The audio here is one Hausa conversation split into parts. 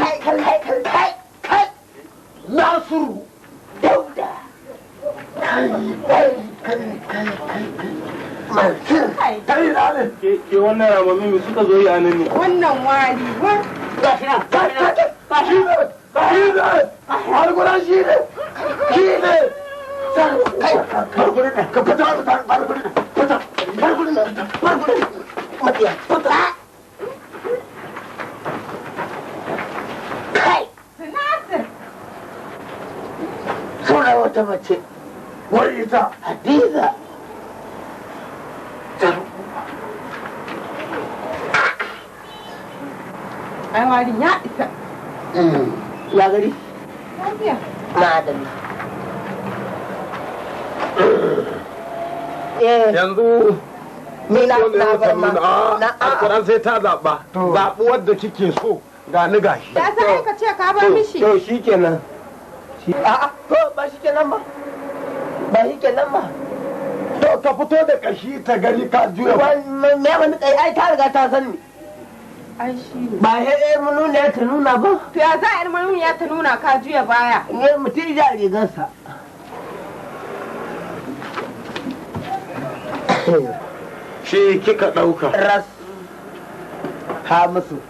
kai kai kai kai kai nasiru dauda kai kai kai kai kai mansur kai kai ne ke wannan ramami mai suka zo yi a nan ne wannan wani wa gashi nan gashi nan gashi nan gashi nan alguna shi ne shi ne kai bargurin nan ka fita fita bargurin nan fita bargurin nan bargurin nan fita wata mace wadda ita hadiza ai wari ya isa mm. ya gari madami eh. yanzu Ni na bar na a sai ta zaɓa zaɓuwar da kike so ga ni gashi. Ya sai ka ce ka bar mishi. To shikenan. a'a Ko ba shi kenan ba ba shi kenan ba to ka fito da kashi ta gani ka juya ba. me wani kai ai ta riga ta san ni ba he eh mununa ya ta nuna ba to ya za a mununa ya ta nuna ka juya baya ne mutum ya sa. shi kika ɗauka ras ha musu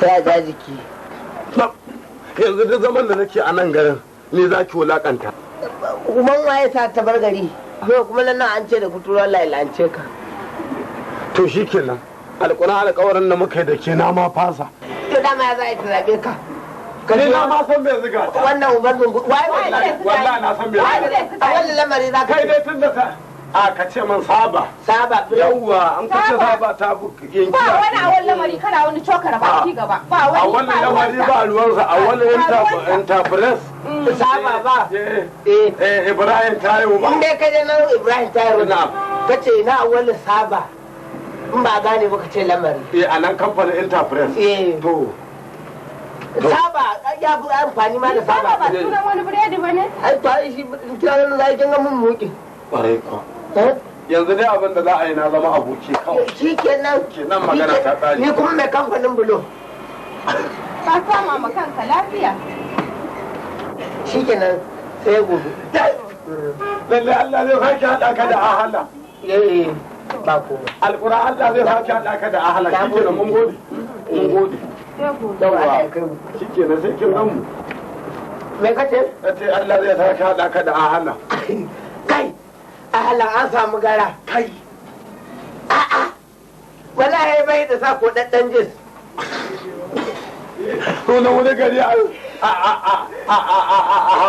sai a jiki yanzu da zaman da nake a nan garin ni za ki wulakanta Kuman waye ta bar gari yau kuma nan an ce da ya lance ka to kenan, alƙuna alƙawarin da muka yi da ke na fasa to dama ya za a yi zaɓe ka ni na ma san bai zuga. wannan ubar dungu waye waye wallahi na san bai ziga lamari za ka kai dai tun da a ka ce man saba saba yawwa an ka ce saba ta yanki ba wani a wani lamari kana wani ba ki gaba ba wani a wani lamari ba aluwarsa, a wani interpres mm. eh, saba ba eh, eh. eh ibrahim tayo ba inde ka kai na ibrahim tayo na ina na wani saba in ba gane ba ce lamari eh a nan kamfanin interpres eh to saba ya bu amfani ma da saba ba sunan wani biredi ba ne ai to shi kira nan zai kinga mun muke kwarai kwa Eh? yanzu dai abin da za a yi na zama aboki kawai eh, shi kenan kenan magana ta tsari ni kuma mai kamfanin bulo ka sama ma kanka lafiya shi kenan sai gobe lalle Allah zai sake haɗa ka da ahala eh, eh ba ko alƙura Allah zai sake haɗa ka da ahala shi kenan mun gode mun gode yawa shi kenan sai kin mu me kace kace Allah zai sake haɗa ka da ahala ahalan an samu gara kai a'a wallahi bai da sako daddan jin to na wani gari a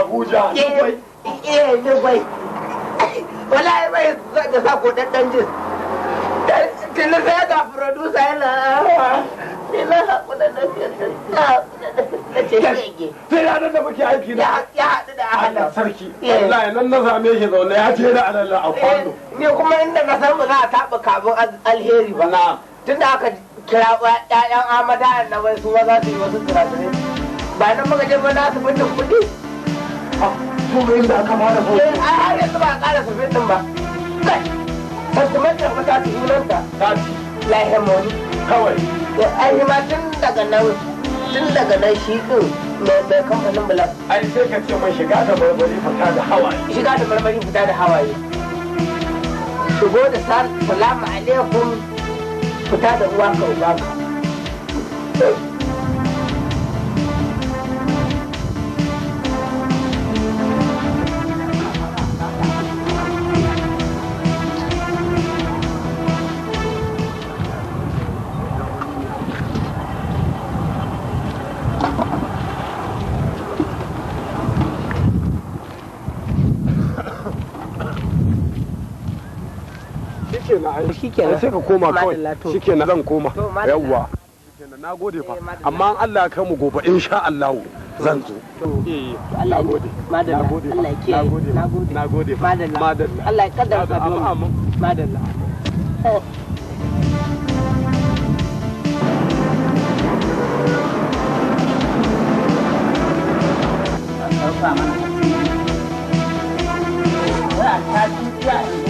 Abuja Dubai eh Dubai wallahi bai da sako daddan jins tun sai ga producer yana sai na haƙu da na ce shege sai ranar da muke aiki na ya haɗu da ahalar sarki wallahi nan na same shi zaune ya ce da alalla a kwano Ni kuma inda na san ba za a taɓa kabin alheri ba na tunda aka kira ƴaƴan amada na wai su za su yi wasu tsirrai ba nan muka je ba na su fitin kuɗi kuma inda aka ma da kuɗi ai har yanzu ba a ƙara su fitin ba kai ta kuma ta fita su sunanta ta ya mori kawai da tun daga nan tun daga nan shi din mai kamfanin bulan ai sai ka ce mai shiga da marmari fita da hawaye shiga da marmari fita da hawaye shigo da salamu alaikum fita da ruwa ka shikenan sai ka koma kawai shikenan zan koma yawwa na gode fa eh, amma Allah ka mu gobe insha Allah zan zo eh, eh. gode madalla Allah ke na gode madalla Allah ya kaddara ka madalla Yeah.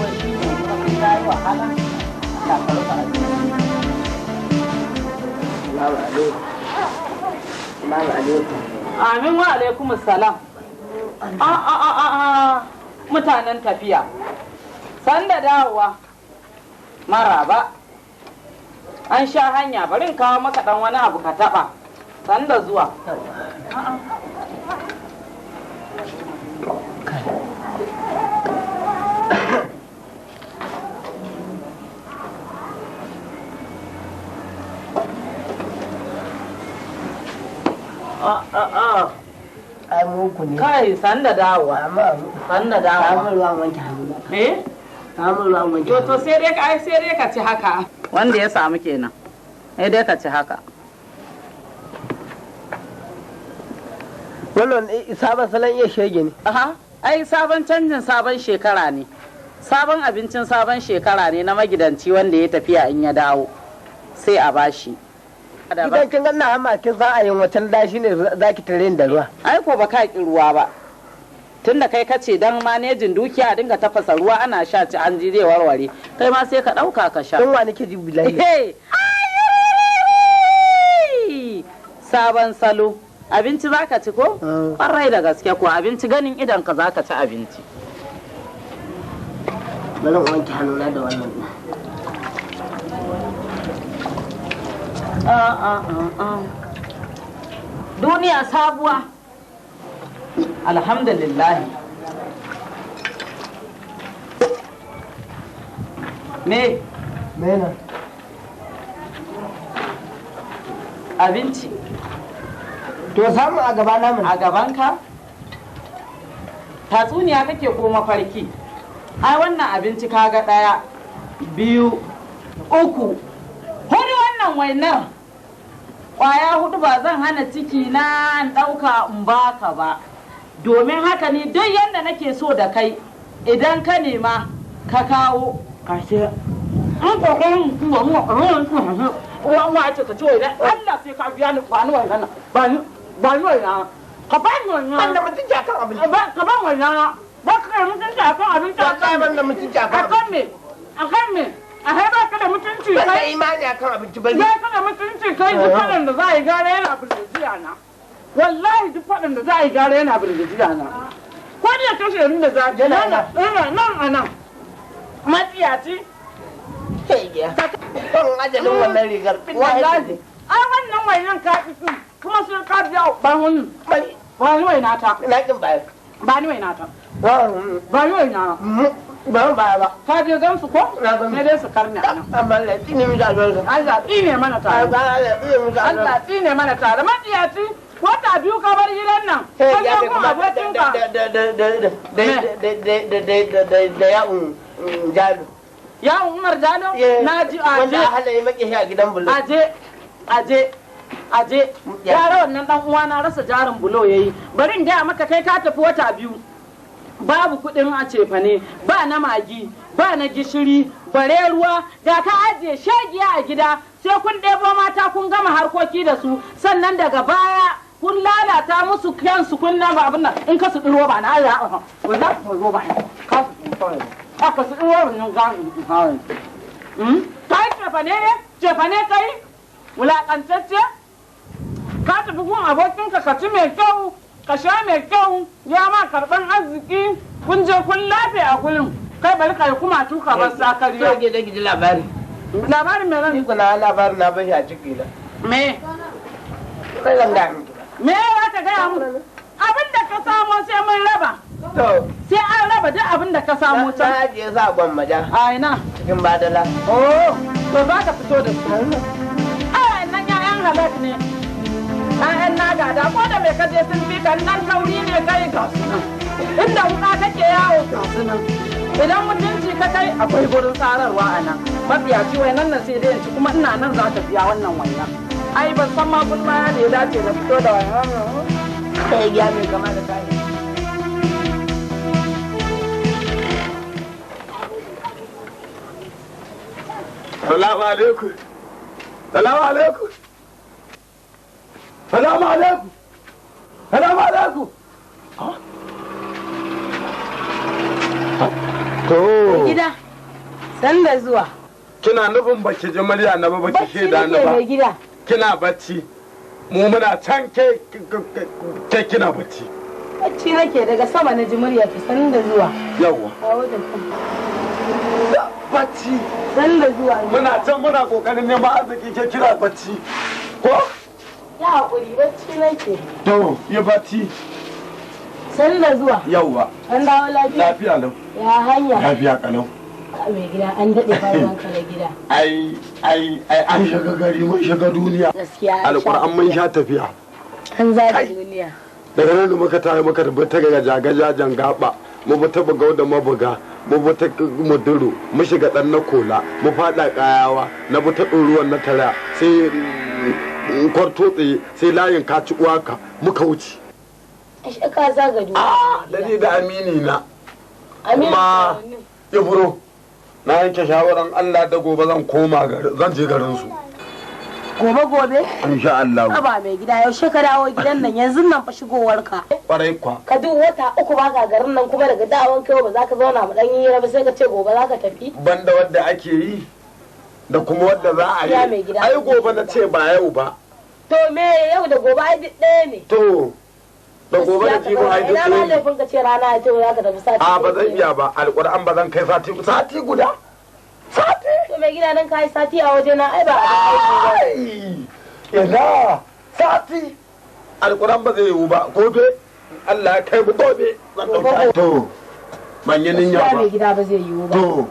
Amin wa alaikum salam. A a ah, a ah, a ah, mutanen tafiya. Sanda dawowa. Maraba. An sha hanya bari in kawo maka dan wani abu ka taba. Sanda zuwa. a'a ah, ah, ah. dawowa dawowa amma sai dai ka ci haka wanda ya samu kenan eh dai ka ci haka eh, sabon sabon canjin sabon shekara ne sabon abincin sabon shekara ne na magidanci wanda ya tafiya in ya dawo sai a bashi ba idan kin ganna amma kin za a yin wacan da shine zaki tare da ruwa ai ko ba ka ki ruwa ba tunda kai ka ce dan manejin dukiya dinga tafasa ruwa ana sha ci an ji zai warware kai ma sai ka dauka ka sha dan wani ke ji bilahi sabon salo abinci zaka ci ko ah. kwarai da gaske ko abinci ganin idan ka zaka ci abinci bari wanke hannuna da wannan Ah, ah, ah, duniya sabuwa alhamdulillah me mena abinci to samu a gaba namun a gabanka tatsuniya kake ko mafarki ai wannan abinci kaga daya biyu uku hudu wannan wainar kwaya hudu ba zan hana ciki na ɗauka in baka ba domin haka ne duk yadda nake so da kai idan ka nema ka kawo kashe an mu uwa ce ta ciwo idan Allah sai ka biya ni ba ni ba ni ka ba ni da abin ba ba ba ka abin da me me a haifa baka da mutunci kai ba kai imani abinci ba da mutunci kai duk faɗin da za a yi gara yana burgajiya na wallahi duk faɗin da za a yi gara yana na ko da ta da za yana nan nan a nan matsiyaci kai ya kan ajalin wannan rigar wallahi ai wannan wainan ka kuma sun ka biya ban wannan ba ni wainata na kin ba ba ni wainata ba ni wainata mm. ban ba je su ko ne dai su a nan Allah tsine da Allah mana tare Allah mana tare man biyu ka bar gidan nan kan ya kuma abokin ka da da da da ya jalo ya umar jalo na ji wanda halaye maki a gidan bulo aje wannan dan uwa na rasa jarin bulo yayi bari in maka kai ka tafi wata biyu babu kuɗin a cefane ba na magi ba na gishiri bare ruwa ga ka ajiye shagiya a gida sai kun ɗebo mata kun gama harkoki da su sannan daga baya kun lalata musu kansu kun na ba abin nan in ka su ɗin roba na Allah ba za su ɗiro ba ka su ɗiro ba ka su ɗiro ba nan ga kai hmm? cefane cefane kai wulaƙantacce ka tafi gun abokinka ka ci mai kyau ka sha mai kyau ya ma karɓar arziki kun je kun lafiya a kullum kai bari kai kuma tuka ba sa kariya ke da gidi labari labarin me ran na labarin na ba ya ciki la me kai zan da me ya ta ga mu abin da ka samo sai mun raba to sai an raba duk abin da ka samo ta na je za gwan maja a ina cikin badala oh to za ka fito da su a nan yan halak ne 'ya'yan na gada ko da mai kaje sun fi kan nan tauri ne kai ga inda wuka kake yawo ga idan mutunci ka kai akwai gurin tsararwa a nan mafiyaci wai nan sai dai yanci kuma ina nan za ta biya wannan wannan ai ban san ma gulma ya ne dace na fito da wannan sai ya mai kama da kai Salamu alaikum. Salamu alaikum. salamu alaikum salamu alaikum to gida sanda zuwa kina nufin baki ji murya na ba baki da na ba gida kina bacci mu muna can ke ke kina bacci bacci nake daga sama na ji murya ki sanda zuwa yawwa bacci sanda zuwa muna can muna kokarin neman arziki ke kira bacci ko Ya haƙuri bacci nake. To, ya bacci. zuwa. An dawo lafiya. Lafiya lau. Ya hanya. Lafiya kalau. mai gida an daɗe faruwan kare gida. Ai, ai, ai, an shiga gari mun shiga duniya. Gaskiya. Alƙur'an mun sha tafiya. An duniya. Daga nan da muka tare muka tafi ta gaja gaja jangaba. Mu bi ta buga da mabuga. Mu bi ta muduru. Mu shiga ɗan na kola. Mu faɗa kayawa Na bi ta ɗoruwan na tara. Sai kwarto tsaye sai layin ka ci uwaka muka wuce ashe ka zaga duniya ah, da da amini na kuma ya furo na yanke shawaran Allah da gobe zan koma zan je garin su gobe gobe insha Allah ba mai gida yau shekara gidan nan yanzu nan fa shigowar ka kwarai kwa ka duk wata uku ba ka garin nan kuma daga dawon kai ba za ka zauna mu dan yi ba sai ka ce gobe za ka tafi banda wadda ake yi da kuma wadda za a yi ai gobe na ce ba yau ba to me yau da gobe ai duk ɗaya ne to da gobe da jibo ai duk ɗaya ne ina laifin ka ce rana ya ce ya ka tafi sati a ba zan iya ba alƙur'an ba zan kai sati sati guda sati to me gida nan kai sati a waje na ai ba a yana sati alƙur'an ba zai yiwu ba gobe Allah ya kai mu gobe zan ɗauka to ban yi ninya ba gida ba zai yiwu ba to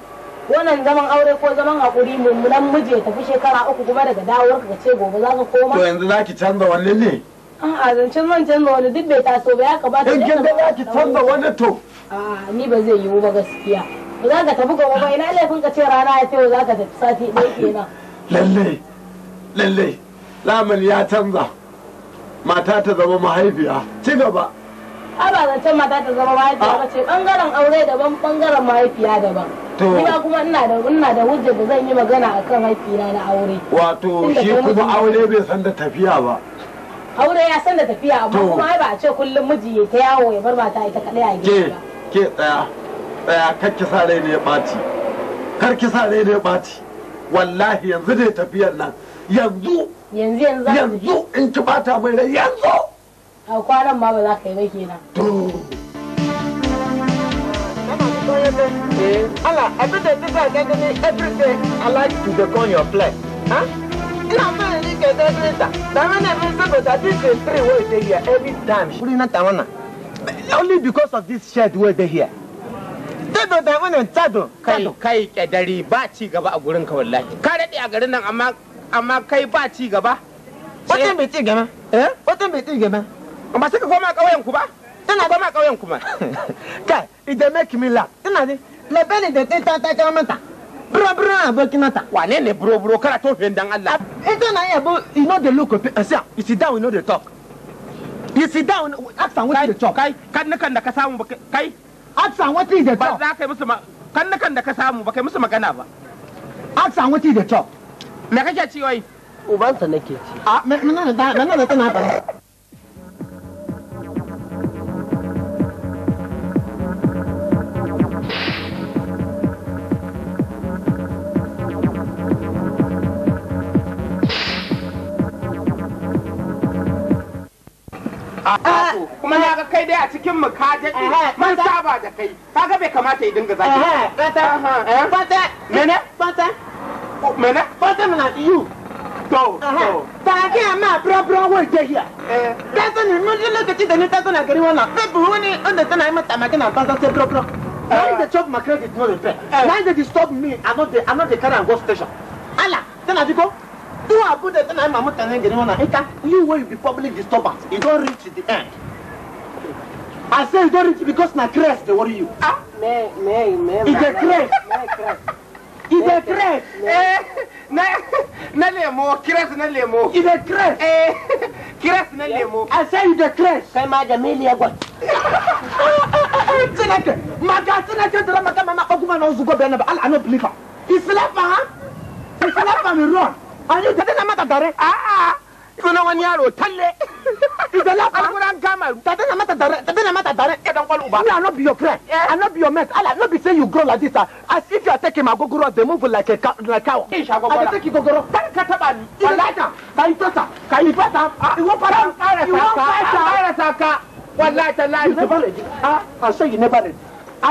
wannan zaman aure ko zaman hakuri mummunan miji ya tafi shekara uku kuma daga dawowar ka ce gobe za ka koma to yanzu za ki canza wani ne a'a zancen man canza wani duk bai taso ba ya kamata in kin za ki canza wani to a'a ni ba zai yiwu ba gaskiya ba za ka tafi gobe ba ina laifin ka ce rana ya ce za ka tafi sati ɗaya kenan lalle lalle lamun ya canza mata ta zama mahaifiya ci gaba ai ba zancen mata ta zama mahaifiya ba ce bangaren aure daban bangaren mahaifiya daban ni ba kuma ina da ina da hujja da zan yi magana akan mahaifina na aure wato shi kuma aure bai san da tafiya ba aure ya san da tafiya amma kuma ai ba a ce kullum miji ya ta yawo ya bar mata ita kadai a gida ba. ke tsaya tsaya kar ki sa rai ne ya baci kar ki sa rai ne ya baci wallahi yanzu ne tafiyar nan yanzu yanzu yanzu in ki bata mai rai yanzu a kwanan ma ba za ka yi ba I every day. I Only because of this shirt way they here. Tado da wannan tado. Kai kai kedari ba ci gaba a gurin ka wallahi. Ka dade a garin nan amma amma kai ba ci gaba. Wata bai ci gaba? Eh? Wata bai ci gaba? ba suka koma kauyen ku ba ina zama kauyen ku ma kai ide make me laugh tana ne labari da ta ta ta mata bro bro abokin ta wane ne bro bro kana to fiye dan Allah ita na ya bo you know the look of it asia you sit down you know the talk you sit down ask am what you talk kai kan nakan da ka samu kai ask am what you talk ba za kai yi musu kan nakan da ka samu ba kai musu magana ba ask am what you talk me kake ci wai sa nake ci a me nan da nan da tana ba kuma na ga kai dai a cikin mu ka daɗe man saba da kai kaga bai kamata ya dinga zaki fata fata eh? mene fata oh, mene fata mana you to to ta ga ma bra bra wai je here eh. ta san mun lokaci da ni ta na gari wannan kai bu wani wanda tana yi mata magana fata sai bra bra eh. Why they chop my credit not repair? Why they disturb me? I'm not the I'm not carry go station. ala tana I go. do I go there then mama can get one enter you will be public disturbance you don't reach the end I say you don't reach because na crest they worry you ah me me me it's a crest me crest it's a crest eh na na lemo crest na lemo it's a crest eh crest na lemo I say you the crest kai ma jamelia gwa Chineke maka Chineke dara maka mama oguma na ozugo bena ba ala no her. He slap huh? He slept and run ayo tata na mata dare a'a sunan wani yaro talle idan la alquran kamaru tata na mata dare tata na mata dare e dan kwalu ba me i no be your friend i no be your mate ala no be say you grow like this as if you are taking my gogoro dey move like a cow like cow in sha gogoro i take gogoro kar ka taba ni wallahi ka yi tota ka yi fata iwo fara iwo fata ara saka wallahi tallahi you never ready ah i say you never ready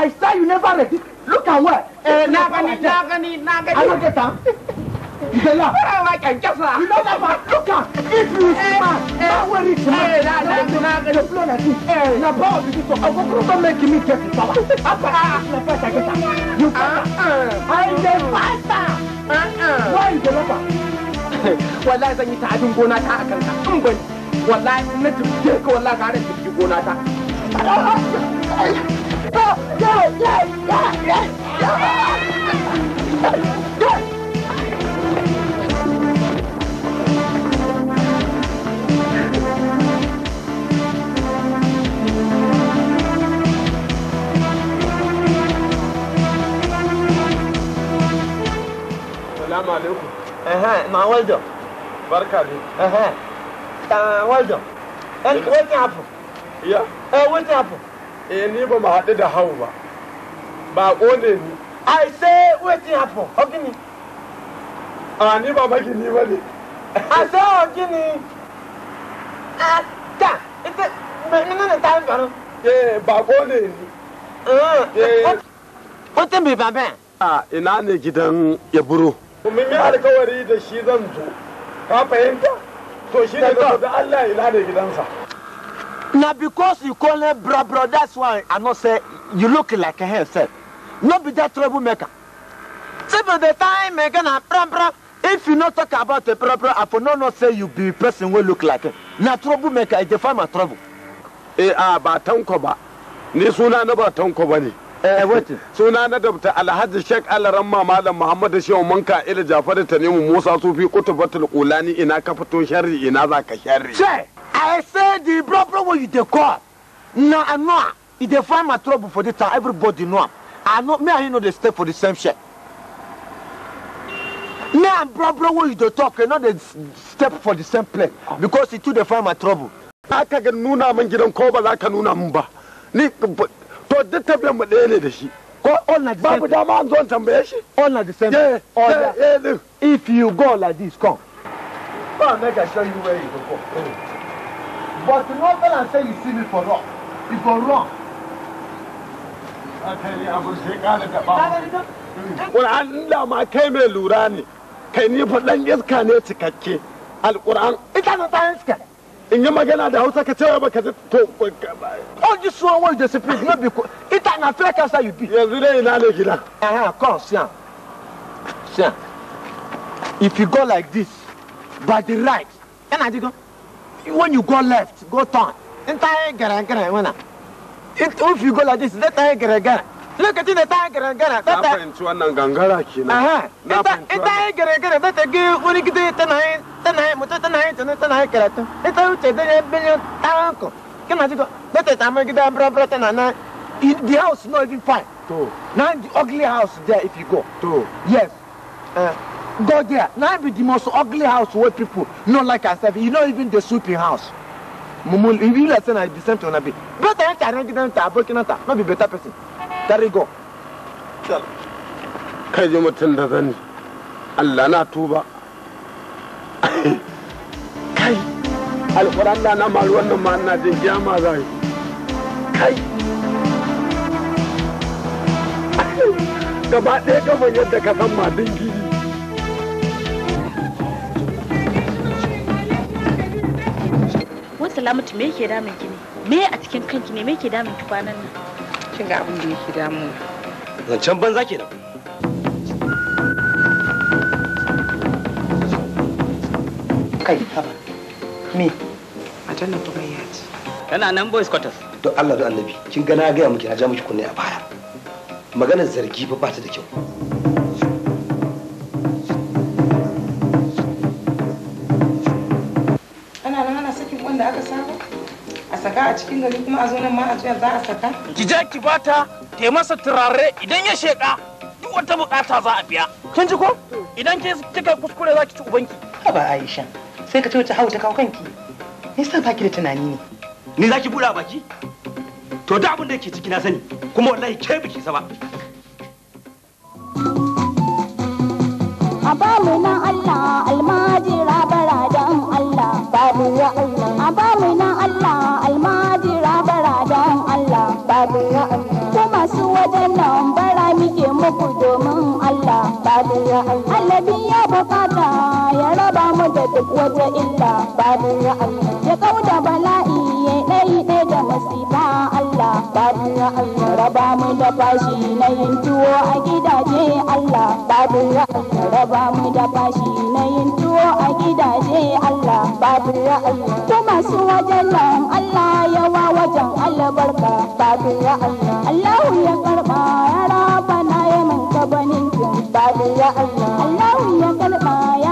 i say you never ready look at where eh na gani na gani na gani i no get am Bella. Farawa kyankyasa. Remember my cooker. If you eh, smart, eh. don't worry smart. Na na na the flow na this. Eh, na power eh. me get the power. Apa na fight I get am. You can. Ah, ah. I the fighter. Ah, Why the zan yi ta ajin gona ta a kanka. In ban wallahi in na tuke ka wallahi ka tuke gona ta. Yeah, yeah, yeah, yeah, yeah. Assalamu alaikum. Ehe, na weldo. Barka dai. Ehe. Ta weldo. And Yeah. Eh, what happened? Eh, ni ba mu haɗu da hau ba. Ba ƙone ni. I say what happened? How can you? Ah, ni ba magini ba ne. I say how can you? Ah, ta. Ita, menene ta faru? Eh, ba ƙone ni. Eh. What eh. happened, Baba? Ah, ina ne gidan Yaburo kuma yi alkawari da shi zan zo ka fahimta to shi ne da Allah ila da gidansa na because you call him bra bra that's why i know say you look like a herself no be that troublemaker see for the time me eh, gonna bra bra if you no talk about a bra bra i for no know say you be person wey look like him. na troublemaker e dey find my trouble eh ah ba tanko ba ni suna na ba tanko ba ne Eh, suna na dabta alhaji shek alaramma malam muhammad shehu manka ila jafar tanimu musa sufi kutubatul qulani ina ka fito sharri ina za ka sharri say i say the problem wey you dey call na i know e dey find my trouble for the town everybody know am i know me and you know the step for the same shit me and problem wey you talk you no the step for the same place because it too dey find my trouble. za ka nuna min gidan ko ba za ka nuna min ba ni ko duk mu ɗaya da shi ko tambaye shi all like the if you go like this come ma show you where you go but say you see me for wrong you go wrong Ƙur'an da ma kai mai lura ne, kai ni fa ɗan iska ne cikakke, al'ƙur'an. ita da ɗan iska. nye magana da hausa ka cewa baka to all this one was just please no be ita na fere kasa you be yanzu dai ina ne gida eh come sian sian if you go like this by the right yana ji go when you go left go turn enta gara gara wana if you go like this that gara gara lokacin da ta yi garangara ta ta fahimci wannan gangara kenan na fahimci ita yi garangara ta ta ga wani gida tana yi tana yi mutum tana yi tunan tana yi karatu ita wuce da yan biliyan taron ku kina ji ko da ta samu gida bura-bura tana na the house not even fine to now the ugly house there if you go to yes uh, go there now be the most ugly house where people no like ourselves you know even the sweeping house mumu if you like say na the same thing una be better enter gidan ta abokin ta no be better person ta rigo kai ji mutum da zani allah na tuba kai alfuran da na malu wannan ma na jin kiyama za yi kai gaba ɗaya gaban yadda ka san ma dingi lamutu me yake damun ki ne me a cikin kanki ne me yake damun ki kwanan nan kin ga abin da yake damu zancen banza da kai haba me matan nan kuma ya ce kana nan boys quarters don Allah da Annabi kin ga na ga miki na ja miki kunne a baya maganar zargi ba ba ta da kyau saka a cikin gari kuma a zo nan ma a juya za a saka ki je ki bata ta masa turare idan ya sheka duk wata bukata za a biya kin ji ko idan kika kuskure za ki ci ubanki Haba Aisha sai ka ce wata ta kawo kanki me sa baki da tunani ne ni za ki buɗa baki to da abin da yake ciki na sani kuma wallahi ke biki sa ba a bamu na Allah almajira barajan Allah babu ya Allah kuma da duk wata illa babu ya Allah ya kauda bala'i ya ɗai ɗai da masifa Allah babu ya Allah raba mu da fashi na yin tuwo a gidaje Allah babu ya Allah raba mu da fashi na yin tuwo a gidaje Allah babu ya Allah to masu wajen nan Allah yawa wajen albarka babu ya Allah Allah ya karba ya rabana raba na yaman kabanin babu ya Allah Allah ya karba ya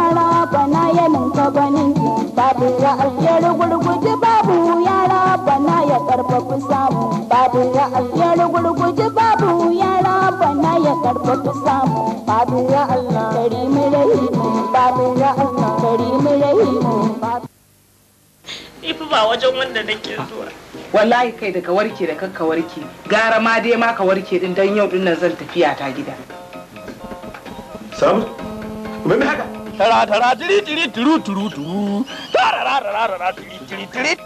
gwanin babu ra'ayyar gurguji babu yara bana ya karfafi samu babu ra'ayyar gurguji babu yara bana ya karfafi samu babu ya kari mirahi babu ra'ayya kari mirahi Ifi ba wajen wanda ke zuwa. Wallahi kai daga warke da kakka warke, gara ma dai ma ka warke din dan yau din nan zan tafiya ta gida. samu Me haka? Ra ra ra ra, tara tiri tiri turu ra ra ra ra ra tiri tiri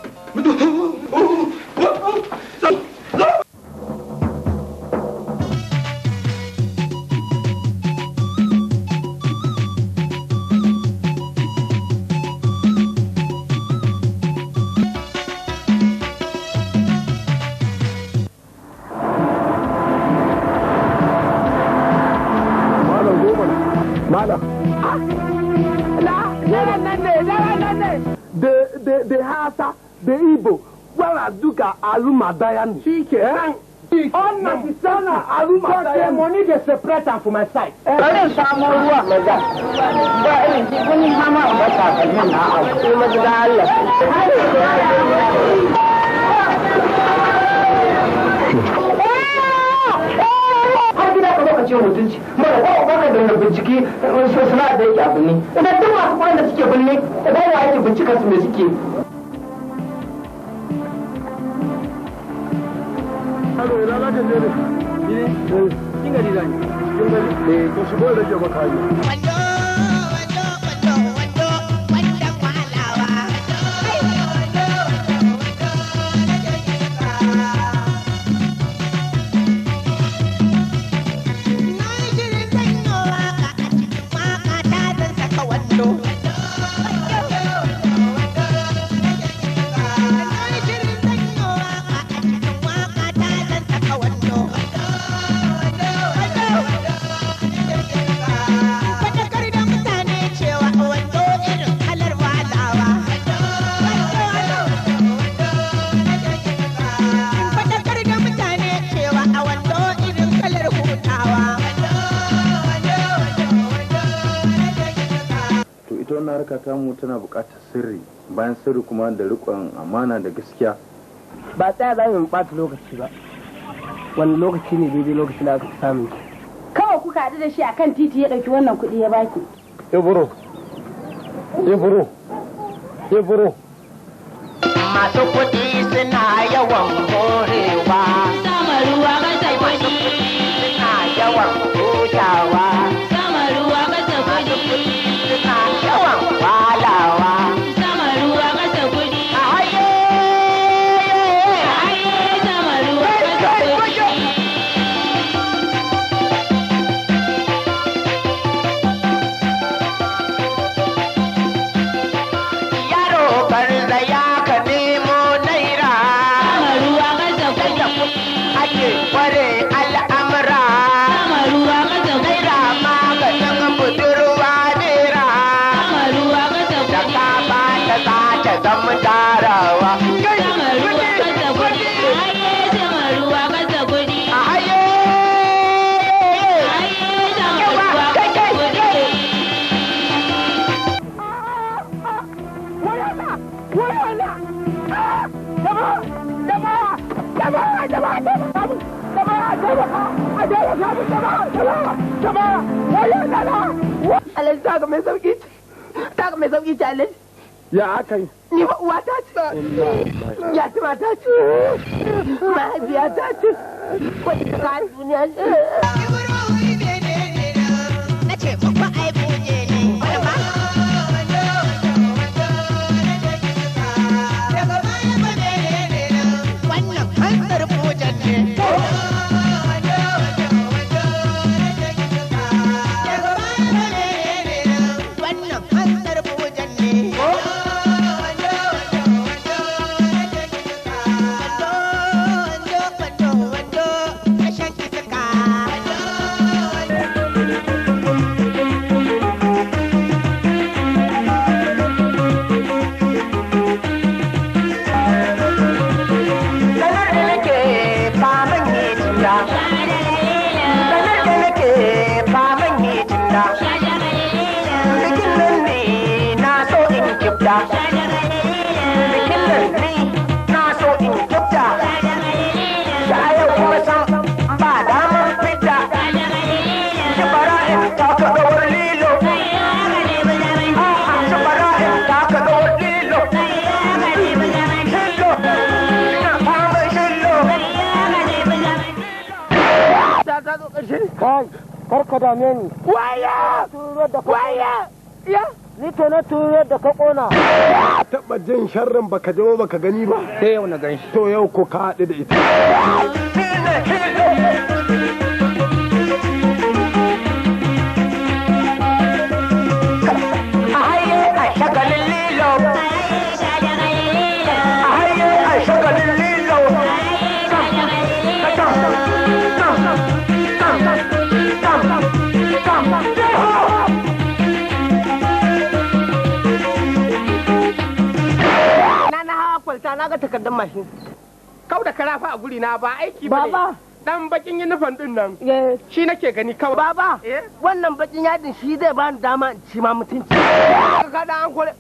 tiri the Hausa, the Igbo, whereas Duka Aruma Diane. Chike, all my son Aruma Diane. money they separate from my side. ruwa mai da. Ba irin ji na ce mutunci mara ba ba ka da bincike so suna da yake abu ne idan duk masu kuɗin da suke binne idan wa yake bincika su me suke eh, Kin mu tana buƙatar sirri bayan sirri kuma da riƙon amana da gaskiya ba tsaya za mu ɓata lokaci ba wani lokaci ne daidai lokaci da aka samu kawai kuka haɗu da shi akan titi ya ɗauki wannan kuɗi ya baki ibro ibro ibro masu kuɗi suna yawan morewa sama ruwa mata kuɗi suna yawan hutawa Alhaji ta mai sauki ta Ya aka yi. Ni uwa ta ce. Ya ci ma ta ce. Mahaifiya ta ce. Wani ta duniya ka dame ni waya waya ya ni ke na turo da ka kona taba jin sharrin baka jawo baka gani ba sai yau na gani. to yau ko ka haɗu da ita dan mashin kau da karafa a guri na ba aiki ba ne dan bakin nufan din nan eh. shi nake gani kawai baba eh? wannan bakin yadin shi zai bani dama in ci ma mutunci ka da an kore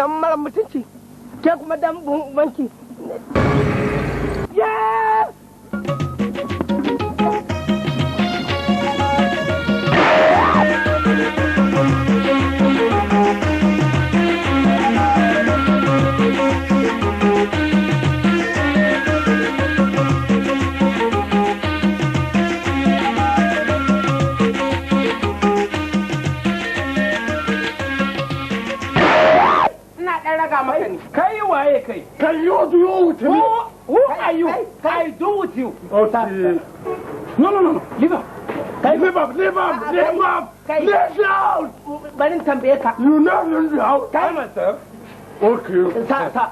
dan mara mutunci ke kuma dan banki sa sa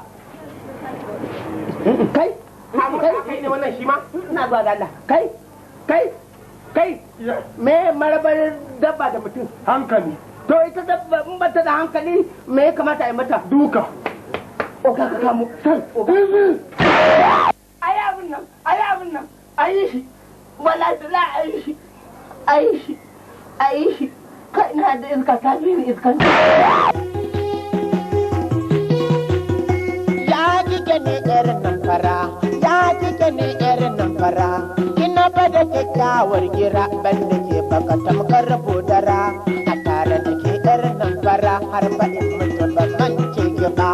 kai kai ne wannan shi ma kai kai kai me marabar dabba da mutum hankali to ita dabba in ta da hankali me kamata a yi duka o ka kamu ayi abin nan ayi nan ayi wala da la shi kai na da iska ta kike ne yar er nan fara ya kike ne yar er nan fara kina bada kyakkyawar gira ban da ke baka tamkar budara a tare da ke yar er nan fara har faɗin mutum ba kan ke gaba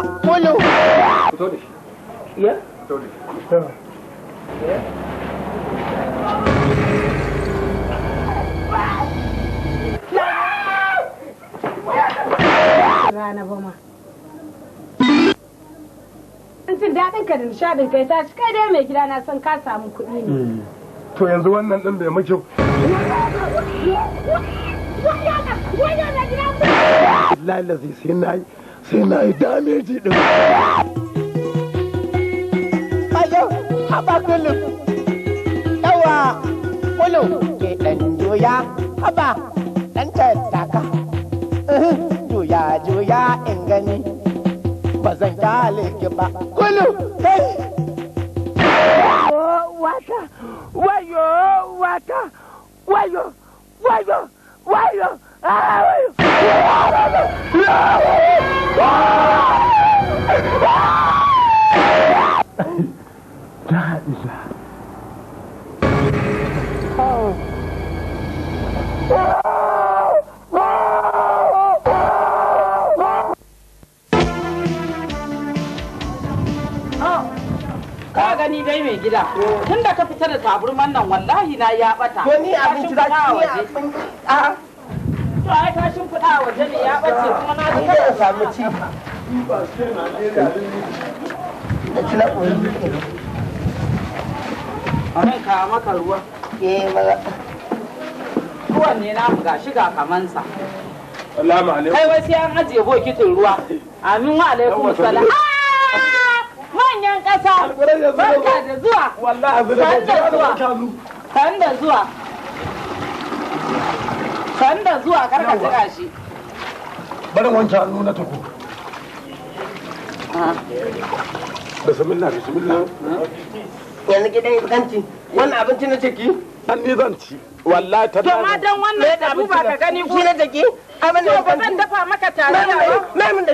Rana ba ma. jin daɗin ka da nishaɗin kai ta kai dai mai gida na san ka samu kuɗi ne. Hmm. To yanzu wannan ɗin bai maki. Lalazi sai na yi sai na yi dameji ɗin. Ayo, haɓa kullum. Yawa, kullum ke ɗan doya, haɓa ɗan tattaka. juya juya in gani. ba zan ba kulu kai wata wayo wata wayo wayo wayo Ta isa. Oh. kai mai gida tun da ka fita da taburman nan wallahi na ya bata to ni abinci za ki waje a to ai ka shin kuɗa waje ne ya bace kuma na ji ka samu ci da ci na koyi Amin ka maka ruwa. Eh maza. Ruwan ne na ga shiga kamansa. Salamu alaikum. Kai wasu sai an ajiye bokitin ruwa. Amin wa alaikum salam. Ah! mata barka da zuwa kan da zuwa kan da zuwa karka tuka shi wanke hannu na ah. yanzu gidan wannan abinci na ciki an ni zan ci wallahi ta to ma dan wannan da ka gani ku na ciki abin da ban dafa maka tare da mai mun da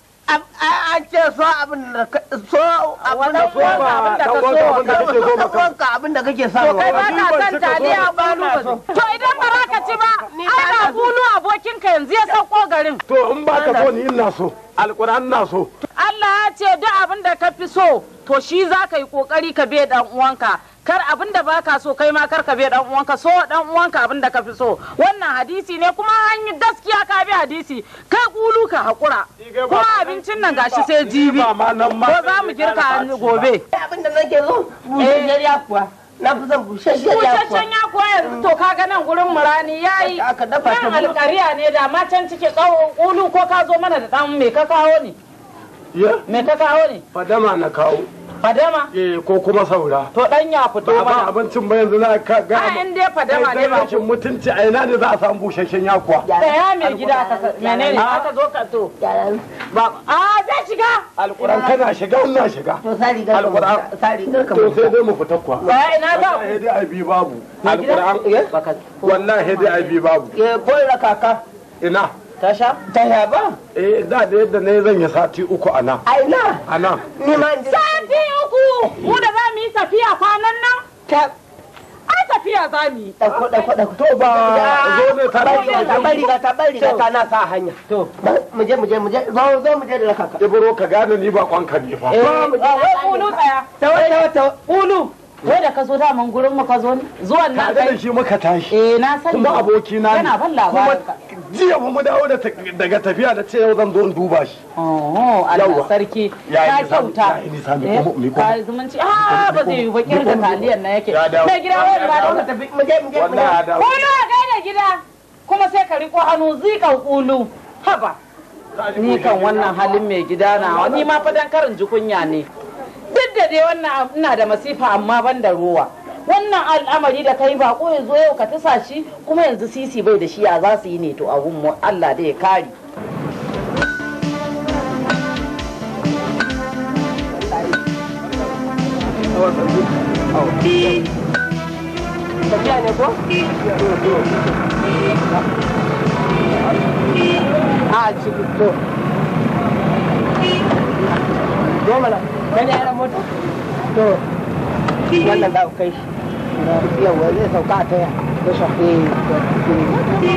an ce so abin da so abin da so ba dan wanka abin da so abin da kake so kai ba ka san taliya ba to idan ba ka ci ba ai ba bunu abokin ka yanzu ya sauko garin to in ba ka so ni ina so alquran na so Allah ya ce duk abin da ka fi so to shi za ka yi kokari ka be dan uwanka kar abin da baka so kai ma kar ka bi dan uwanka so dan uwanka abin da ka fi so wannan hadisi ne kuma an yi gaskiya ka bi hadisi kai kulu ka hakura kuma abincin nan gashi sai jibi ko za mu girka gobe abin da nake so bushasshiyar yakuwa na fi son bushasshiyar yakuwa bushasshiyar yakuwa yanzu to kaga nan gurin murani yayi yi dafa ta alƙariya ne da ma can cike tsawo kulu ko ka zo mana da dan me ka kawo ne me ka kawo ne fadama na kawo fadama eh ko kuma saura to dan ya fito ba ba abincin ba yanzu na ka ga a ah, in dai fadama ne ba abincin mutunci a ina ne za a samu busasshen yakuwa ya mai gida ka menene ah. aka zo ka to ba a ah, zai shiga alquran kana shiga wannan shiga to sari ga alquran sari ga to sai dai mu fita kuwa ba ina za ku hedi abi babu alquran eh, wallahi hedi abi babu eh raka kaka ina ta sha ta ya ba eh da da yadda ne zan yi sati uku a nan a ina a nan ni ma sati uku mu da za mu yi tafiya kwanan nan ta ai tafiya za mu yi dako dako dako to ba zo ne ta bari ga ta bari ga ta na sa hanya to mu je mu je mu je zo zo mu je da rakaka ibro ka gane ni ba kwanka ne fa eh. ba mu je ulu tsaya ta wata wata ulu Wai da ka zo daman gurin mu ka zo ne? Zuwan na kai. Ka shi muka tashi. Eh na san kuma aboki na ne. Yana ban labarin ka. Jiya ba mu dawo daga tafiya da ce yau zan zo in duba shi. Oh, Allah sarki. Ka kyauta. Eh, ka zumunci. Ah, ba zai yi ba kirga taliyan na yake. Na gida wai ba dawo ka tafi mu ga mu ga. Ko na ga da gida. Kuma sai ka riko hannu zikan kulu. Haba. Ni kan wannan halin mai gida na ni ma dan karin jukunya ne. duk da dai wannan ina da masifa amma ban da ruwa wannan al'amari da kai bako ya zo yau ka tasa shi kuma yanzu sisi bai da shi a za su yi ne to abun mu Allah da ya kare A ah, ciki to. Gomala. wani yaran mota to wannan da kai shi yawa zai sauka a taya da shafi shi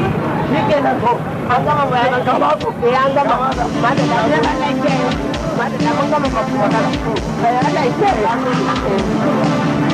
ke nan to an gama bayanan ka ba ku eh an gama ma da da ne Allah ya kiyaye ma da da mun gama ka ku da to ya Allah ya kiyaye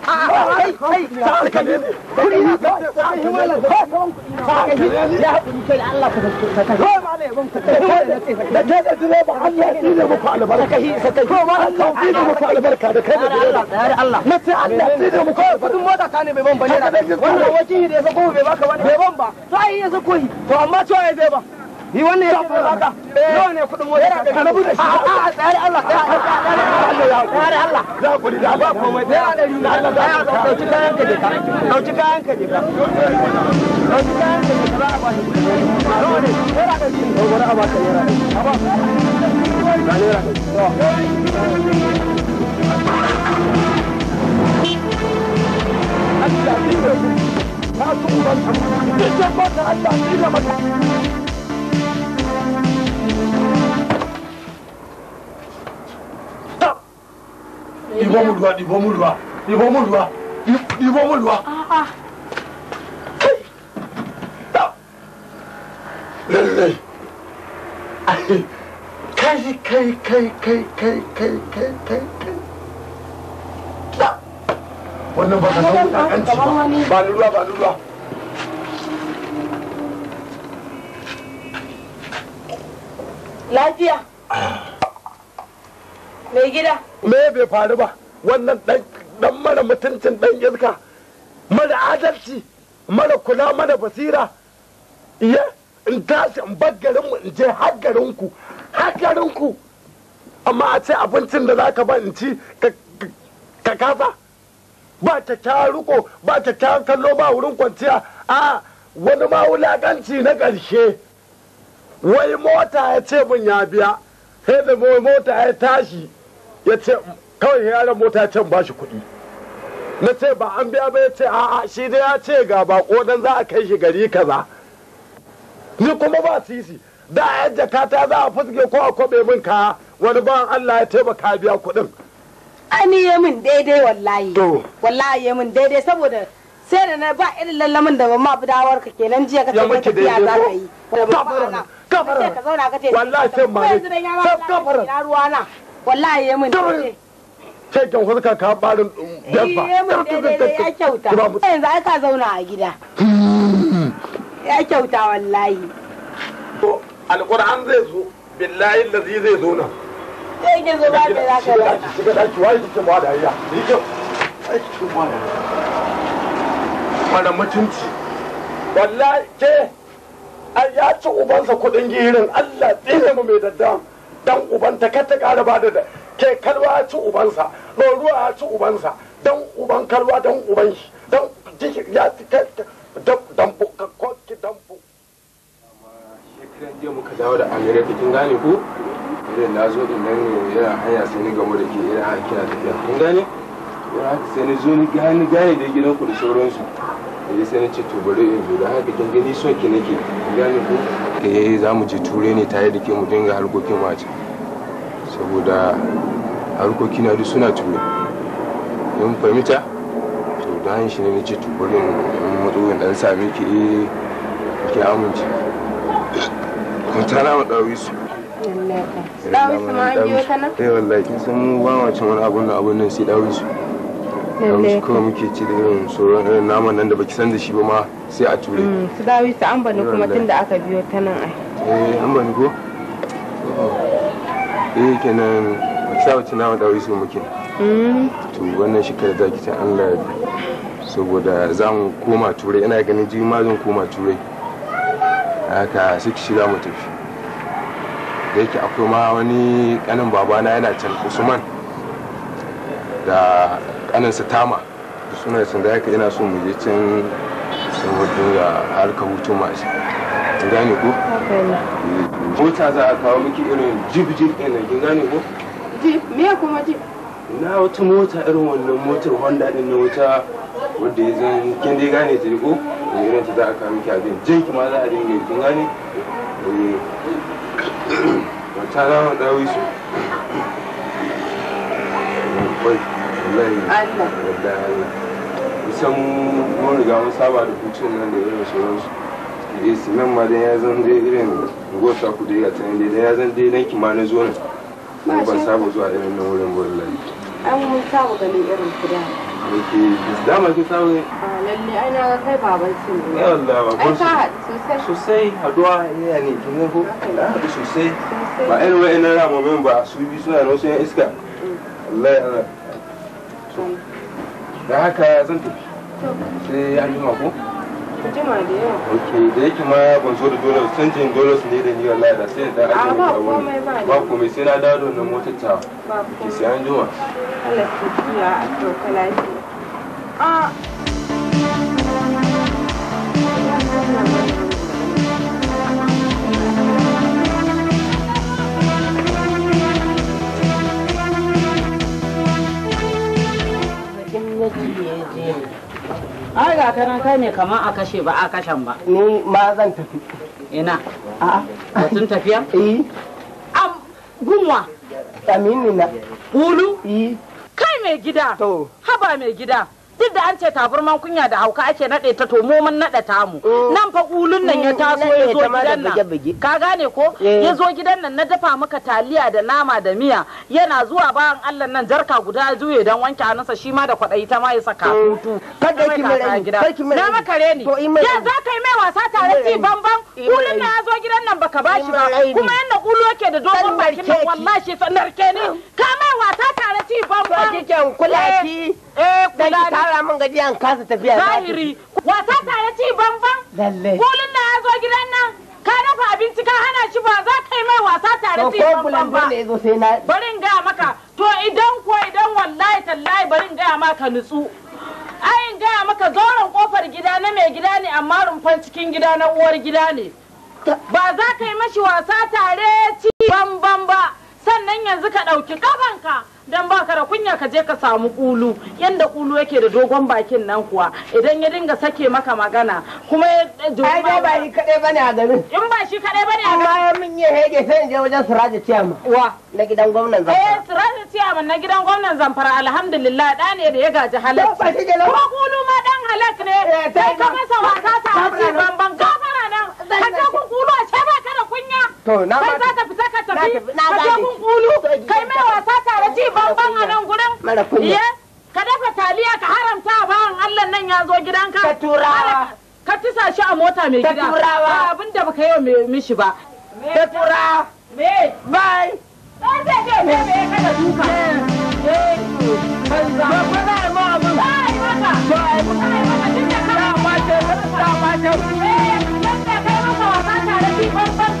Wannan wajen da ya sako bai baka wani bai ban ba. To ai ya sako yi. To amma cewa ya bai ba. yi wannan ya fara haka nawa ne kudin mota ka rabu da shi a tsari Allah tsari Allah za ku da ba komai da da na Allah za ka dauki kayan ka jika ka dauki kayan ka je ka dauki kayan ka je ka ba shi nawa ne naira da shi ko wani aba ka naira a ba ka naira Allah ya tsira ku na ka ta Allah ya tsira t ɗibo mu ruwa ɗibo mu ruwa ɗibo mu ruwa ɗibo mu ruwa lallai ah, ah. kai kai kai kai kai kai kai kai kai wannan ba ka san ba ba ni ba mai gida me bai faru ba wannan dan mara mutuncin dan iska mara adalci mara kula mara basira iya in tashi in bar mu in je har garinku har amma a ce abincin da zaka ba in ci ka kasa ba ta ta ruko ba ta ta kallo ba wurin kwanciya a wani ma wulakanci na ƙarshe wai mota ya ce mun ya biya sai da mota ya tashi ya ce kawai yaran mota can ba shi kuɗi na ce ba an biya ba ya ce a'a shi dai ya ce ga bako dan za a kai shi gari kaza ni kuma ba sisi da a yadda kata za a fuske ko a kwabe min ka wani bawan Allah ya taimaka biya kuɗin ani ya min daidai wallahi to wallahi ya min daidai saboda sai da na ba irin lallamin da ba ma budawar ka kenan jiya ka tafi tafiya za ka yi kafara kafara wallahi sai ma kafara na ruwana wallahi ya mun kan ka barin um, eh, ya mun ya kyauta yanzu ai ka zauna a gida hmm. ya kyauta wallahi to alquran zai zo billahi zai zo na. ke zo ya ci ubansa kudin girin Allah tsine mu mai daddan dan ubanta kar ta kara ba da ke kalwa ci ubansa ɗoruwa ci ubansa dan uban kalwa dan uban shi dan jiki ya dambu kakkoki dambu shekaran jiya muka dawo da amirai kin gane ko irin na zo din nan ne yana hanya sai ni gamo da ke yana hakiya kina tafiya kin gane ya sai ni zo ni gane gane da gidan ku da sauransu sai sai ce to bari in zo da haka kin gani so ki nake gane ko ke eh, za mu je ture ne tare da ke mu dinga harkokin wace saboda harkokin na duk suna ture in fahimta to da shi ne na ce to in matso in dan same ki eh ki amince mun tana mu dawo su Dawisu ma an biyo ta nan? Eh wallahi kin san mu ba mu cin wani abun nan abun nan sai Dawisu. lalle ko muke ci da irin sauran eh, naman nan da baki san da shi ba ma sai a ture mm, su dawi an bani kuma tun da aka biyo ta nan ai eh bani ko oh. eh kenan baki sa wacce naman dawi su muke mm. to wannan shekara za ki ta an Allah saboda za mu koma turai ina ganin ji ma zan koma turai haka suka shiga mu tafi da yake akwai ma wani kanin babana yana can usman da kaninsa tama da suna sun da haka yana son mu je can saboda ga harkar hutun mashi kin gane ko mota za a kawo miki irin jib jib ɗin nan kin gane ko jib me kuma jib na wata mota irin wannan motar honda din na wata wadda ya zan kin dai gane ta ko eh, irin ta za a kawo miki abin jin ki ma za a dinga kin gane eh. wata za a dawo su Wait. wallahi Allah wallahi mun riga mun saba da kucin nan da irin sauransu eh, dai su ma ya zan dai irin ku dai a ya zan na ban saba zuwa irin nan wurin wallahi an mun saba ganin irin ku da dama ki saba lalle ai na kai baban su ne Allah sosai sosai haduwa iya ne kin ga ko sosai ba irin wa'annan ramomin ba su bi suna nan sun iska mm. da haka zan tafi sai an yi ko jima da ok da yake ma ban so da dole jin dole su ne da ni wallahi da sai da ajiye ba komai ba komai sai na dawo da motar ta ba ku sai an jima Allah ya kiyaye a dauka lafiya ah, na jijiye je ai ga karan kai ne kamar a kashe ba a kashen ba ni ma zan tafi ina a batun tafiya eh am gunwa aminu na ulu eh kai mai gida to haba mai gida duk da an ce taburman kunya da hauka ake naɗe ta to mu mun ta mu oh. nan fa kulun nan ya mm, taso ya zo gidan nan ka gane ko eh. ya zo gidan nan na dafa maka taliya da nama da miya yana zuwa bayan Allah nan jarka guda juye dan wanke hannunsa shi ma da kwaɗayi ta ma ya saka oh. hutu kada ki mai gida na makare ne ya za kai mai wasa tare ci bamban kulun nan ya zo gidan nan baka bashi ba kuma yana kulu yake da dogon bakin nan wallahi sanarke ne ah. ka mai wasa tare ci banban kula eh. ki eh kula kara min gajiya kasa tafiya zahiri wasa ta ya ci banban lalle bulun na ya zo gidan nan ka dafa abinci ka hana shi ba za ka yi mai wasa tare ci banban ba bari in gaya maka to idan ko idan wallahi tallahi bari in gaya maka nutsu ayin gaya maka zoron kofar gida na mai gida ne amma rumfan cikin gida na uwar gida ne ba za ka yi mashi wasa tare ci banban ba sannan yanzu ka ɗauki kafanka dan baka da kunya ka je ka samu kulu yanda kulu yake da dogon bakin nan kuwa idan ya dinga sake maka magana kuma ai dai ba shi kadai bane a garin in ba shi ba bane a garin amma ya min yi hege sai in je wajen Siraji Tiyama wa na gidan gwamnan Zamfara eh Siraji Tiyama na gidan gwamnan Zamfara alhamdulillah da ne da ya gaji halal ko kulu ma dan halak ne sai eh, ka masa wasa ta ban ban fara nan ka ta kulu a ce ba ka da kunya to na ba tafi ka je kun kulu kai mai wasa tare ji banban a nan gurin eh, ka dafa taliya ka haramta bawan Allah nan ya zo gidanka ka turawa ka tisa shi a mota mai gida ka turawa abin da baka yi mishi ba ka turawa me bai dan da ke me me kada duka eh banza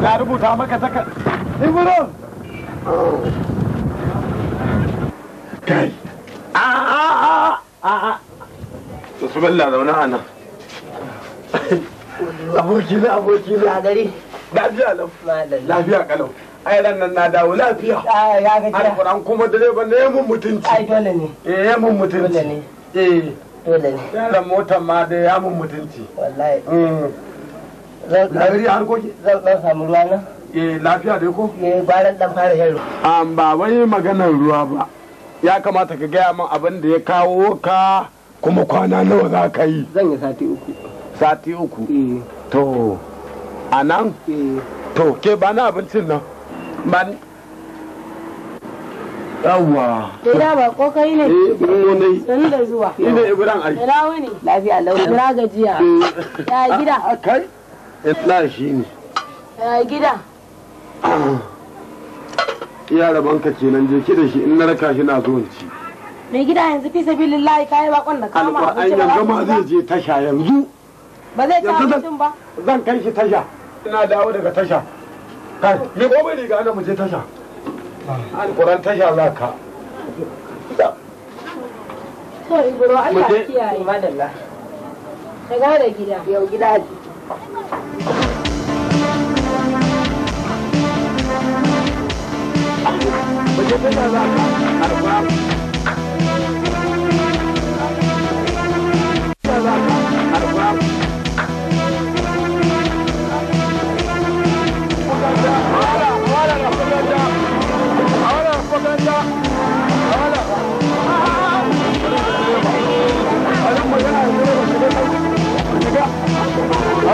na rubuta maka takar imran kai a a a a Su bismillah zauna a nan aboki na aboki na gari lafiya lau lafiya kalau ai ran nan na dawo lafiya Ah ya ga gaji alquran kuma da zai bane mun mutunci ai dole ne eh mun mutunci dole ne eh dole ne yaran motar ma da ya mun mutunci wallahi Mm. labiri har koki zan samu ruwa na eh lafiya dai ko eh baran dan fara shan ruwa ba wai maganar ruwa ba ya kamata ka gaya min abin da ya kawo ka kuma kwana nawa za ka yi zan yi sati uku sati uku eh. to a nan eh. to ke ba na abincin nan ba yawwa eh, da ba ko kai ne eh sani da zuwa ina ibrahim ai ina wani lafiya lau ina gajiya ya gida kai illa shi ne ya gida iya rabanka kenan je ki da shi in na raka shi na zuwan ci mai gida yanzu fi lillahi layi kayi bakon da kama ba. alƙur'an yanzu ma zai je tasha yanzu ba zai ta mutum ba zan kai shi tasha ina dawo daga tasha kai me ko bai riga ana mu je tasha alƙur'an tasha za ka to ibro Allah kiyaye madalla daga da gida yau gida Ahora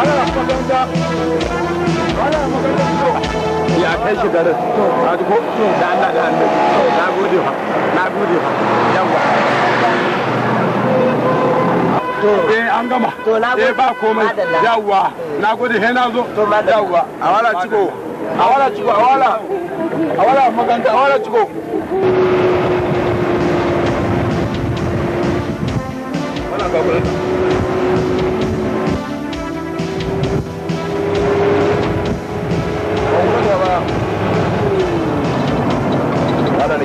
la propaganda. ya kai shi garin a ko da Allah da hannu na gode fa na gode fa yawa to eh an gama to na gode eh, ba komai yawa na gode he na zo to yawa a wala ciko a wala ciko a wala a wala maganta a wala ciko wala ga gurin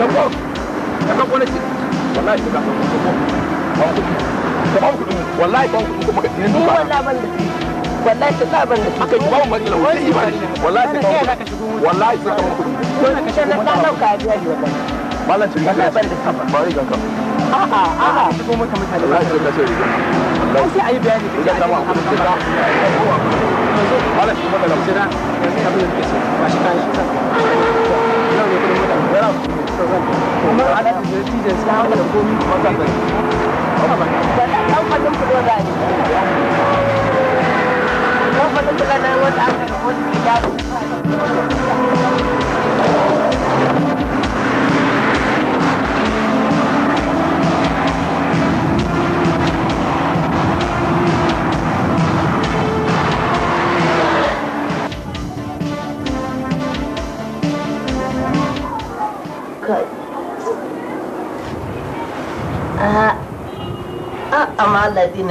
da bok da kan gwamnati wallahi da kan gwamnati ban kuɗi da ban kuɗi wallahi ban kuɗi kuma ka tinin duba wallahi ban da wallahi ta laban da aka yi babu marila wallahi imani wallahi ta kawo wallahi ta kawo kuɗi don ka shigo mana na dauka biya shi wallahi malam cikin ka ban da saba ba rigan ka a'a a'a ta kuma maka mutane wallahi ta kawo rigan ko sai ayi bayani da ka amma ka kuma ana da da komi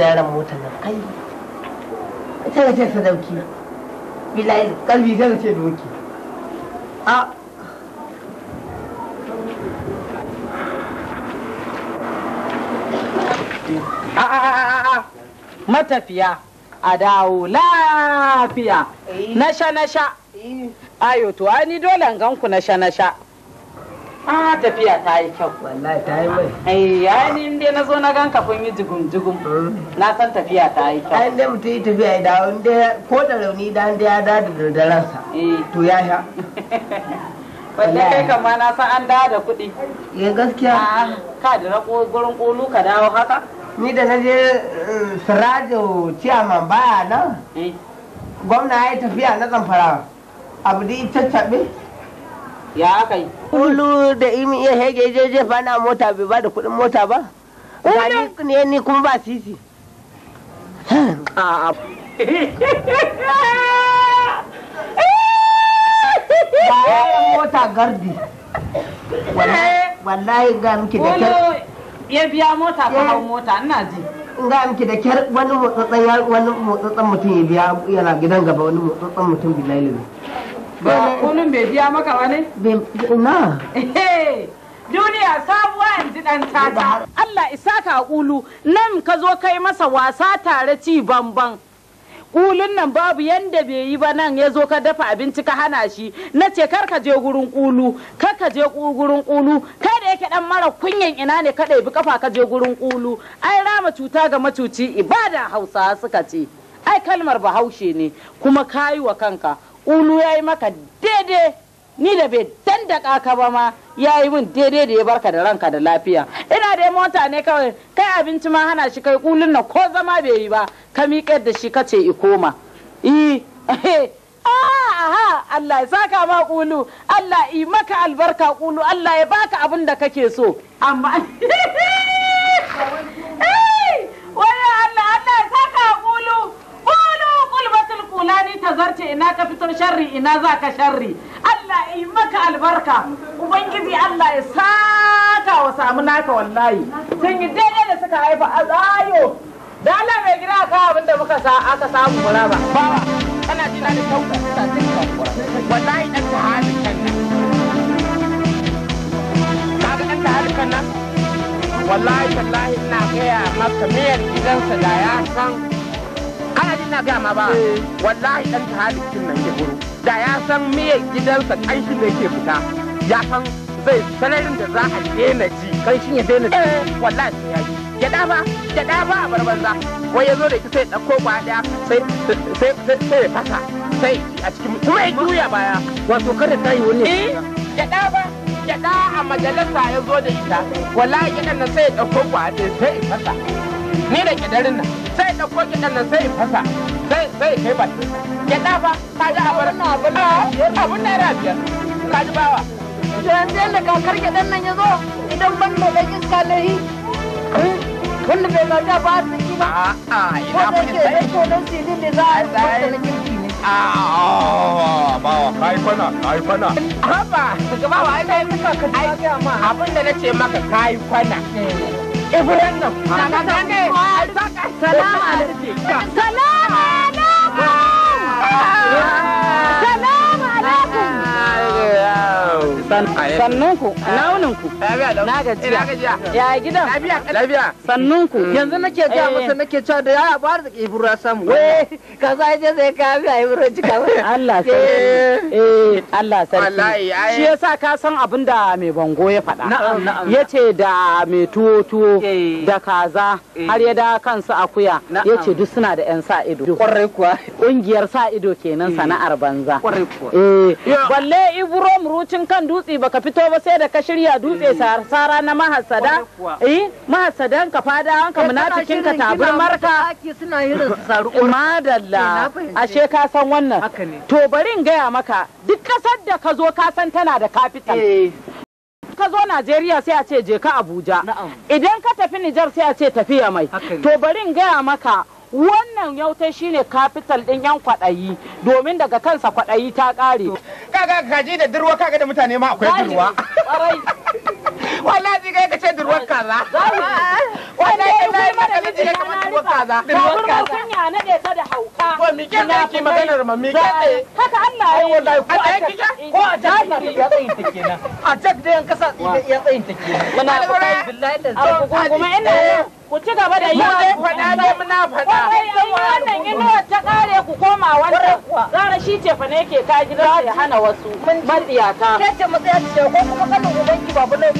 wannan yaran mota nan ai ita ka ce dauki bilai kalbi zai ce doki a matafiya a dawo lafiya nasha-nasha. Eh. Eh. ayo to ani dole an ganku nasha nasha Ah tafiya ta yi kyau. Wallahi ta yi wai. Ai ya ni inda na zo na gan kafin yi jigum jigum. Mm. Na san tafiya ta yi kyau. Ai inda mutum yi tafiya ya dawo inda ko da rauni da inda ya da da daransa. Eh. To ya sha. Wallahi kai ma na san an da da kuɗi. Ya gaskiya. Ah, ka da na gurin ƙolu ka dawo haka. Ni da na je eh, Sirajo Ciyaman baya nan. Eh. Gwamna ya yi tafiya na zamfara. Abu da ita caɓe. ya aka yi kulu da imi iya hege jeje fana mota bai ba da kuɗin mota ba gani ne ni kuma ba sisi bayan mota gardi wallahi ga miki da kyar ya biya mota ka hau mota ina ji ga miki da kyar wani motsatsan mutum ya biya yana gidan gaba wani motsatsan mutum bilailin ba kunun bai biya maka wani. Eh, duniya sabuwa yanzu dan tata Allah isa ka kulu nan ka zo kai masa wasa tare ci bamban kulun nan babu yadda bai yi ba nan ya zo ka dafa abinci ka hana shi na ce kar ka je gurin kulu kar ka je gurin kulu kai da yake ɗan mara kunyan ina ne ka ɗabi kafa ka je gurin kulu ai rama cuta ga macuci ibada hausa suka ce ai kalmar bahaushe ne kuma kayi wa kanka ƙulu ya yi maka daidai ni da bai dandaka ka ba ma ya yi min daidai da ya barka da ranka da lafiya ina da mota ne kawai kai abinci ma hana shi kai kulun na ko zama bai yi ba ka miƙar da shi ka ce ikoma i eh, aha Allah ya saka ma kulu Allah yi maka albarka kulu Allah ya baka abin da kake so amma ta ina ka fito sharri ina za ka sharri Allah yi maka albarka ubangiji Allah ya saka wa samu naka wallahi sun yi daidai da suka haifa a tsayo da Allah mai gida ka abin da muka sa aka samu kura ba kana jina da tauka ta tinka wallahi dan ta halin kan nan ka ta halin kan nan wallahi ina gaya maka miyar gidansa da ya san ina ga ma ba eh. wallahi dan halittin nan ya huru da ya san miye gidansa kanshi da yake fita ya san zai sanarin da za a daina ji kanshi ya daina ji eh, wallahi sai ya ji ya da ba ya da ba a banza wai ya zo da kisa sai dauko ba daya sai sai sai sai fasa sai a cikin kuma ya juya baya wato kada ta yi wani eh, ya da ba ya da a majalisa ya zo da ita wallahi gidan nan sai ya dauko kwa sai sai fasa ni da kidarin nan sai ɗauko kidan nan sai fasa sai sai kai ba kiɗa fa ka ji abar ah, abun naira biyar ka ji bawa yanzu yadda kakar kidan nan ya zo idan ban da ɗan iska lahi eh, wanda bai ba ta ba su arziki ba a'a ina mun sai ko dan silin da za a yi kirki ne a'a bawa kai fana kai fana haba gaba ba ai kai maka ka ji ma abin da nace maka kai fana eh. Everyone, salam alaikum. Salam alaikum. Sannunku, na wuninku. Na gajiya. Ya gidan. Lafiya. Sannunku. Mm. Yanzu nake ga eh. masa nake cewa da ya ba da ibura samu. Wai, ka sai je sai ka bi ibura jika. Allah eh. sarki. Eh, Allah sarki. Shi yasa ka san abin da mai bango ya faɗa. Na'am, na'am. Yace da mai tuwo tuwo eh. da kaza har ya da kansu akuya. Yace duk suna da 'yan sa ido. Kwarai kuwa. Ƙungiyar sa ido kenan sana'ar banza. Kwarai kuwa. Eh, balle iburo murucin kan dutse. dutse baka fito ba sai da ka shirya dutse mm. sara na mahasada eh mahasadan ka fada an ka munafikin ka tabarmar marka suna su saru madalla eh, ashe ka san wannan to bari in gaya maka duk kasar da ka zo ka san tana da capital eh. ka zo Najeriya sai a ce je ka Abuja idan ka tafi Nijar sai a ce tafi yamai. to bari in gaya maka wannan yauta shine capital ɗin yan kwaɗayi domin daga kansa kwaɗayi ta ƙare kaga kaji da durwa kaga da mutane ma akwai durwa wala ji kai ka ce durwar kaza wala ya kai mata miji ya durwar kaza durwar kaza kunya na ta da hauka ko mi ke da ki magana ma mi ke haka Allah ya wallahi ko a kike ko a ta ya tsayin ta kenan a ta da yan kasa ya tsayin ta kenan muna kai billahi da zai kuma ina eh. ku ci gaba da yi wani faɗa ne muna faɗa wannan inuwar ta kare ku koma wannan gara shi ce fa ne ke ka gidan ya hana wasu matsiyata kace matsiyata ce ko kuma kallon ubangi babu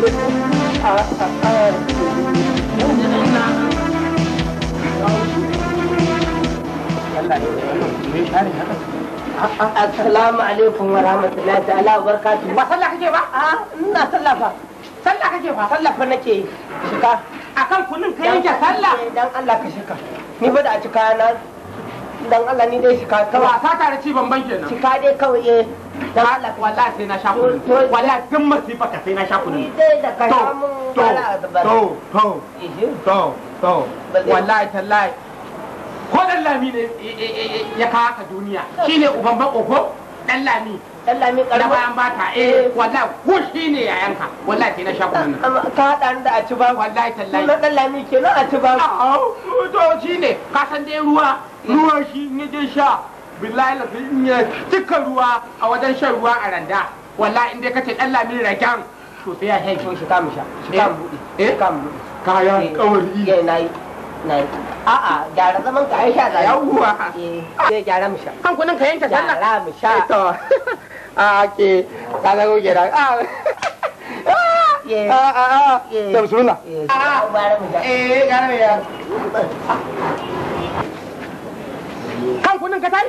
Assalamu alaikum wa rahmatullahi wa Ba sallah kake ba? A ah, ina sallah ba. Sallah kake ba? Sallah fa nake shika. Akan kai yake sallah? Dan Allah ka shika. Ni ba da a cika na dan Allah ni dai shika kawai. sa tare ci ban ban kenan. Shika dai kawai eh. kalak wallahi sai na masifa ka ko dan lami ne e, e, e, ya kawo duniya shine uban bako dan lami lami an eh, eh wallahi ko shine yayanka wallahi sai na sha ka hada da a ci ba wallahi tallahi na dan lami kenan a ci ba to shine ka san dai ruwa eh. ruwa shi ne sha billahi la in ya cika ruwa a wajen shan ruwa a randa walla inda dai kace dan lamin ragan to sai ya shan shi shi kamu sha shi eh? kamu bude shi eh? kamu bude kayan kawari eh, eh nayi nayi a a gyara zaman ka aisha da zai eh sai gyara mu sha kan kunin ka yanka sallah gyara mu sha to a ah, ke ka ah. ah, da zago gyara a Kan kunin ka tari?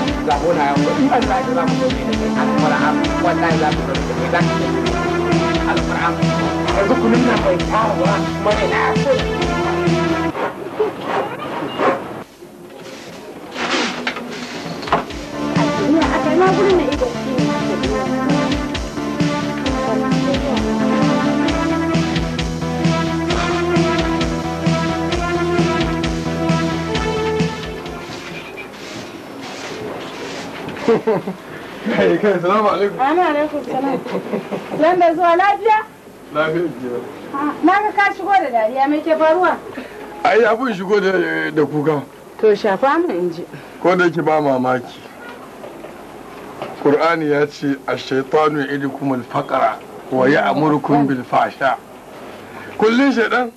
là cô nào anh lại làm một cái anh mà làm qua tay làm à, một cái đăng anh làm em có cũng làm vậy sao quá mà này nè anh subscribe cho kênh Ghiền Mì Gõ Để không bỏ lỡ những video hấp dẫn kai kai salamu alaikum ana alaikum salam zan da zuwa lafiya lafiya na ga ka shigo da dariya mai ke faruwa ai abun shigo da kuka to shafa mu in ji ko da yake ba mamaki Qur'ani ya ce a shaitanu idikum al-faqra wa ya'murukum bil fasha kullun shaidan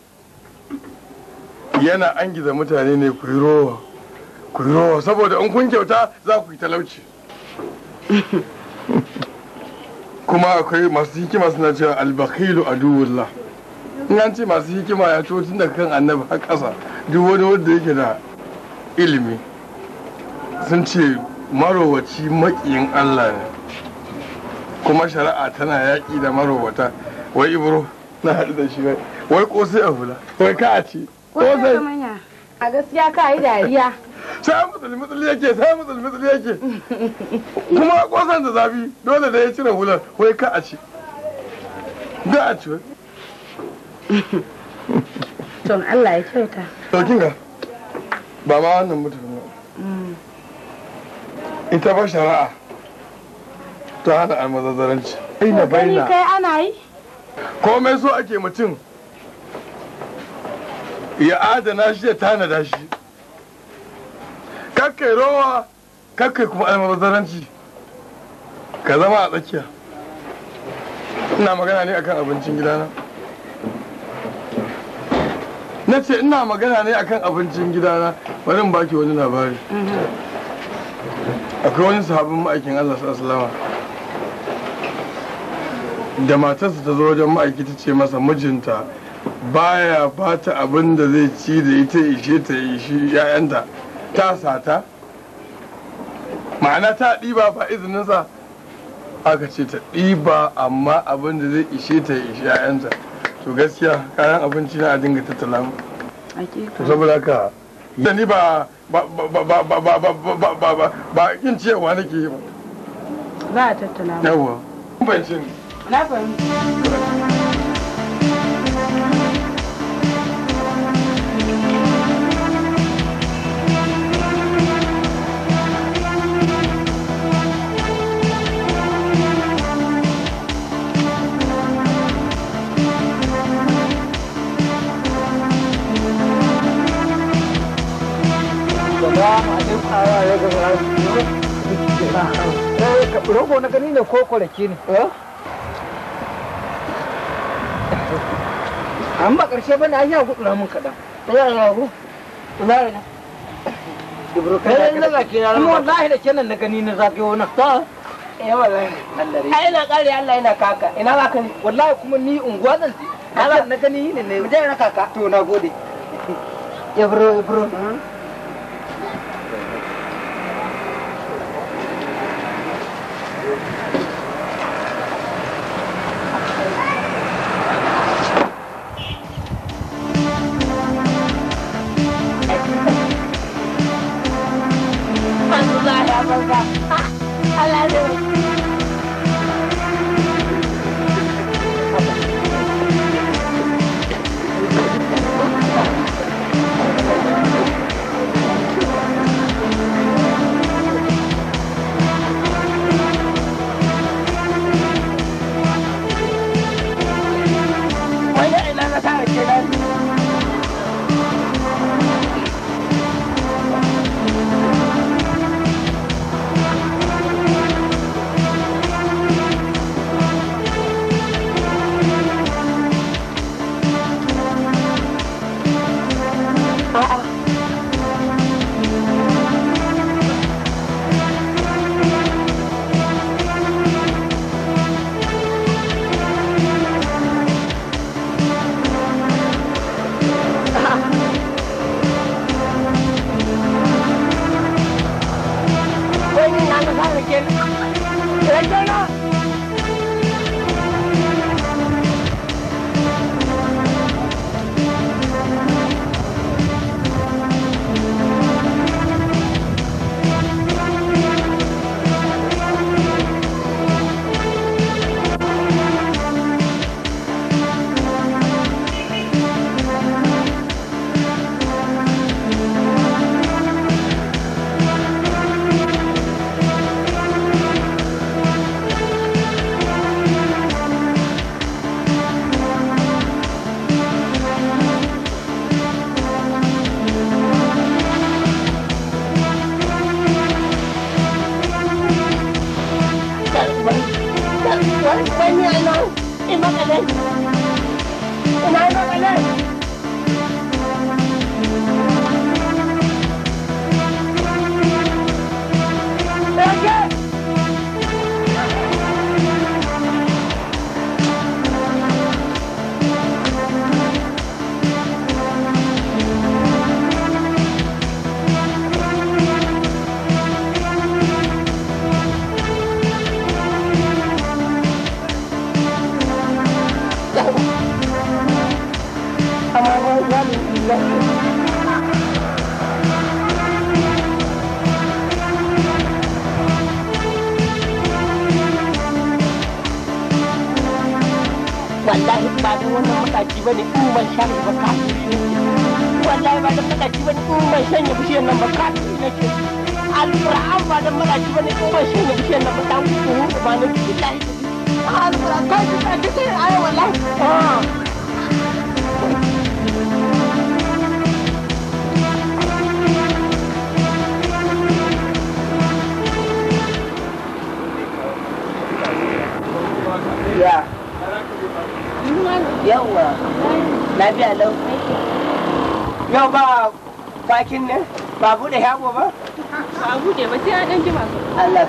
yana angiza mutane ne ku yi rowa ku yi rowa saboda in kun kyauta za ku yi talauci kuma akwai masu hikima suna cewa albakilu aduwullah in an ce masu hikima ya ciwo tun daga kan annabi har ƙasa duk wani wanda yake da ilimi sun ce marowaci maƙiyin allah ne kuma shari'a tana yaƙi da marowata wai ibro na haɗu da shi wai wai ƙosai a hula wai ka a ce ƙosai a gaskiya ka yi dariya sai mutsul yake sai yake kuma kosan da zafi dole da ya cire hular wai ka a ci da a ci don Allah ya kyauta to kin ga ba ma wannan mutum ne ita ba shari'a ta hana almazazzaranci baina baina kai ana yi komai so ake mutum ya adana shi ya tanada shi kakkai rowa kakkai kuma almabazaranci ka zama a tsakiya ina magana ne akan abincin gidana na ce ina magana ne akan abincin gidana bari in baki wani labari mm-hmm. akwai wani sahabin ma'aikin Allah sallama da matarsa ta zo wajen ma'aiki ta ce masa mijinta baya bata abin da zai ci da ita ishe ta ishe 'ya'yanta ta sata ma'ana ta ɗiba ba izininsa aka ce ta ɗiba amma abin da zai ishe ta ishe 'ya'yanta to gaskiya kayan abinci na a dinga tattala mu to saboda ka da ni ba ba ba ba ba ba ba ba ba ba kin nake yi ba za a tattala mu yawa na fahimci rogo na gani ne ko kwaraki ne an ba karshe bane ai ya gudu na mun kadan ya ya na dubro wallahi da kenan na gani na zaki wannan ta eh wallahi ai na kare Allah yana kaka ina zaka ne wallahi kuma ni unguwa zan je na gani ne ne mu je na kaka to na gode ya bro I love it.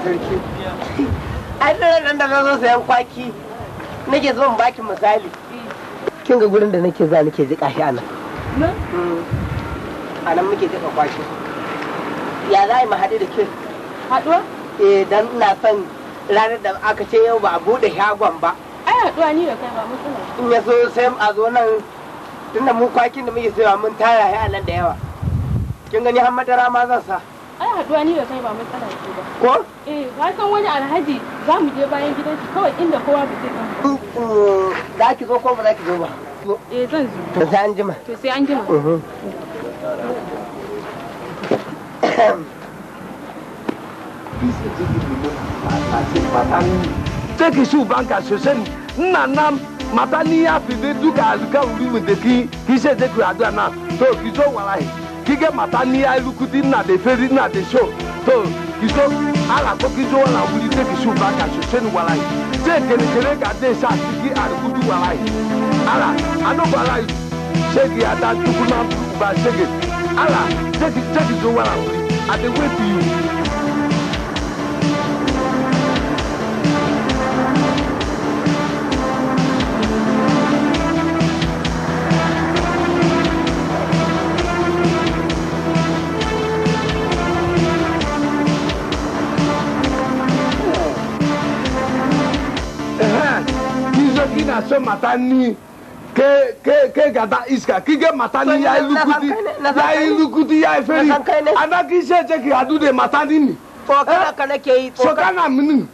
sarki ai nan da zo sayan kwaki nake zan baki misali kin ga gurin da nake za nake jika shi anan mm. a nan muke jika kwaki ya za mu haɗu da kin haɗuwa eh dan ina son ranar da aka ce yau ba a buɗe shagon ba ai haɗuwa ni da kai ba mutum in ya sai a zo nan tunda mu kwakin da muke sayawa mun tara shi a nan da yawa kin gani har madara ma zan sa ai haduwa ni da kai ba matsala ce ba ko eh ka san wani alhaji za mu je bayan gidan shi kawai inda kowa ba zai san za ki zo ko ba za ki zo ba eh zan zo to sai an jima to sai an jima mhm. Take su banka sosai ina nan mata ni ya fi duka azuka wuri mu da ki ki sai da ku addu'a to ki zo wallahi kige mata n'ihe iluku dị nna de feri nna de so to kiso a na-akpọ kiso na wulite kiso ba ka soseni gwara anyị se kelekele ka de sa sigi arikudu gwara anyị ala anụ gwara anyị ada tukwu na mba ala segi segi zo gwara anyị adị wetu iwu kuse mata ni ke ke ke gata iska kike mata ni ya ilukuti ya ilukuti ya eferi anakise ce ki adu de mata ni eh? ni sokana minin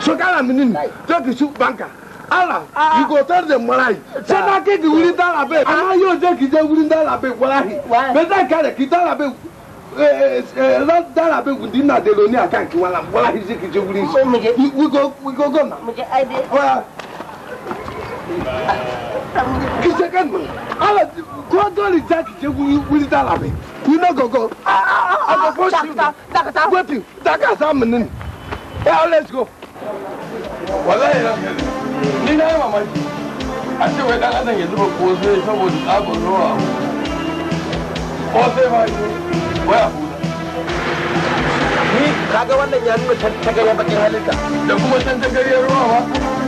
sokana minin to ki su banka ala ah. you go tell them walahi say na ki ki wuli dala be ah. ana yoo je ki je wuli dala be walahi beta kare ki dala be dara bɛ wudi na de lo ni a kan ki wala wala hizi ki je wuli we go we go go na. ki ce kan mun ala ko dole za ki je da labe ni na a gogo shi daga ta wepi daga sa mun ne eh let's go ni na yi mamaki a ce wai dan adam ya zuba ko sai saboda tsabar ruwa ko sai ba wai abu ni kaga wannan ya nuna ta gaya bakin halitta da kuma san ta gariyar ruwa ba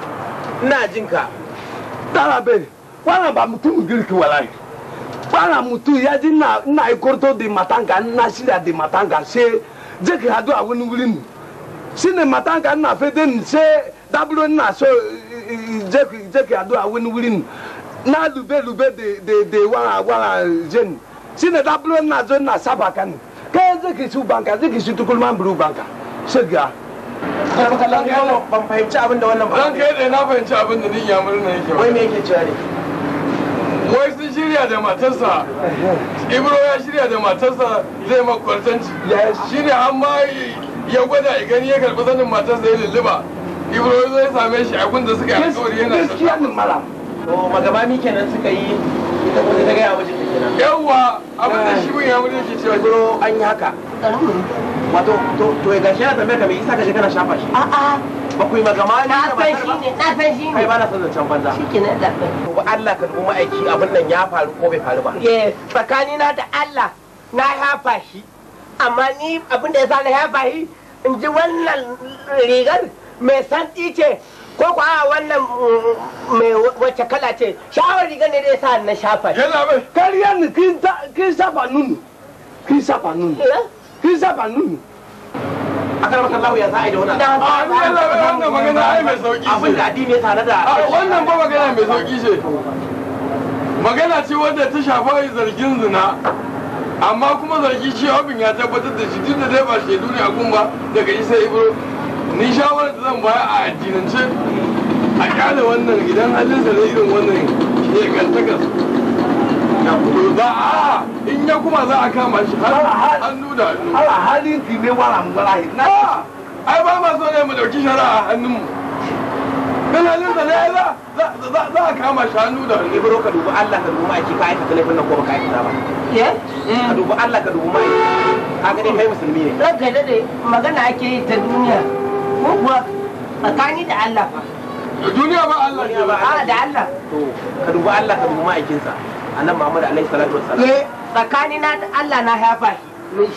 ina jin ka dara be wana ba mutum girki walai wana mutum ya ji na na yi korto di matanga na shirya di matanga se je ki hadu a wani wuri ni shi matanga na fede ni se daburo na so je ki hadu a wuri ni na lube lube de de de wana wana je ni shi ne na zo na sabakan ni kai je ki su banka je ki su tukulman buru banka se ga ban fahimci abin da wannan ba ran kai da na fahimci abin da din ya yake wai me yake cewa ne wai sun shirya da matarsa ibro ya shirya da matarsa zai makwartanci shine an ma ya gwada ya gani ya karɓi sanin matarsa ya lulluba ibro zai same shi abin da suka yi alkawari yana gaskiya ne mala magabami kenan suka yi ita kuma ta gaya kenan yawwa abin da shi mun ya yake cewa ibro an yi haka wato to to ya gashi na tambayar ka me isa ka je kana shafa shi a'a ba ku yi magama ne na san shi ne na san shi ne kai ba na san zancen banza shi kenan da to ba Allah ka dubo ma'aiki abin nan ya faru ko bai faru ba eh tsakani na da Allah na hafa shi amma ni abin da ya sa na hafa shi in ji wannan rigar mai santi ce ko ko a wannan mm, mai wacce kala ce shawar riga ne dai sa na shafa shi. bai kariyar ni kin shafa nunu kin shafa nunu eh? kin sa ba nuni akar maka Allah ya za a yi da wannan a ni Allah yi wannan magana ai mai sauki ce abin da addini tare da wannan ba magana mai sauki ce magana ce wadda ta shafa zargin zina amma kuma zargi ce, abin ya tabbatar da shi tun da dai ba shaidu ne a ba daga isa ibro ni shawarar da zan baya a addinance a kyale wannan idan halinsa ne irin wannan shi ya kantakas ba a in ya kuma za a kama shi har hannu da hannu har halin ki ne wala wallahi na ai ba ma so ne mu dauki shari'a hannun mu bin halin da ne za za a kama shi hannu da hannu ibro ka dubi Allah ka dubi maki ka aikata laifin nan ko baka aikata ba eh ka mm. dubu Allah ka dubi maki a ga dai kai musulmi ne ranka da dai magana ake yi ta duniya ko kuwa tsakani da Allah fa duniya ba Allah ne ba da Allah to ka dubi Allah ka dubi ma'aikinsa annabi Muhammad alaihi salatu wassalam eh tsakani na Allah na hafa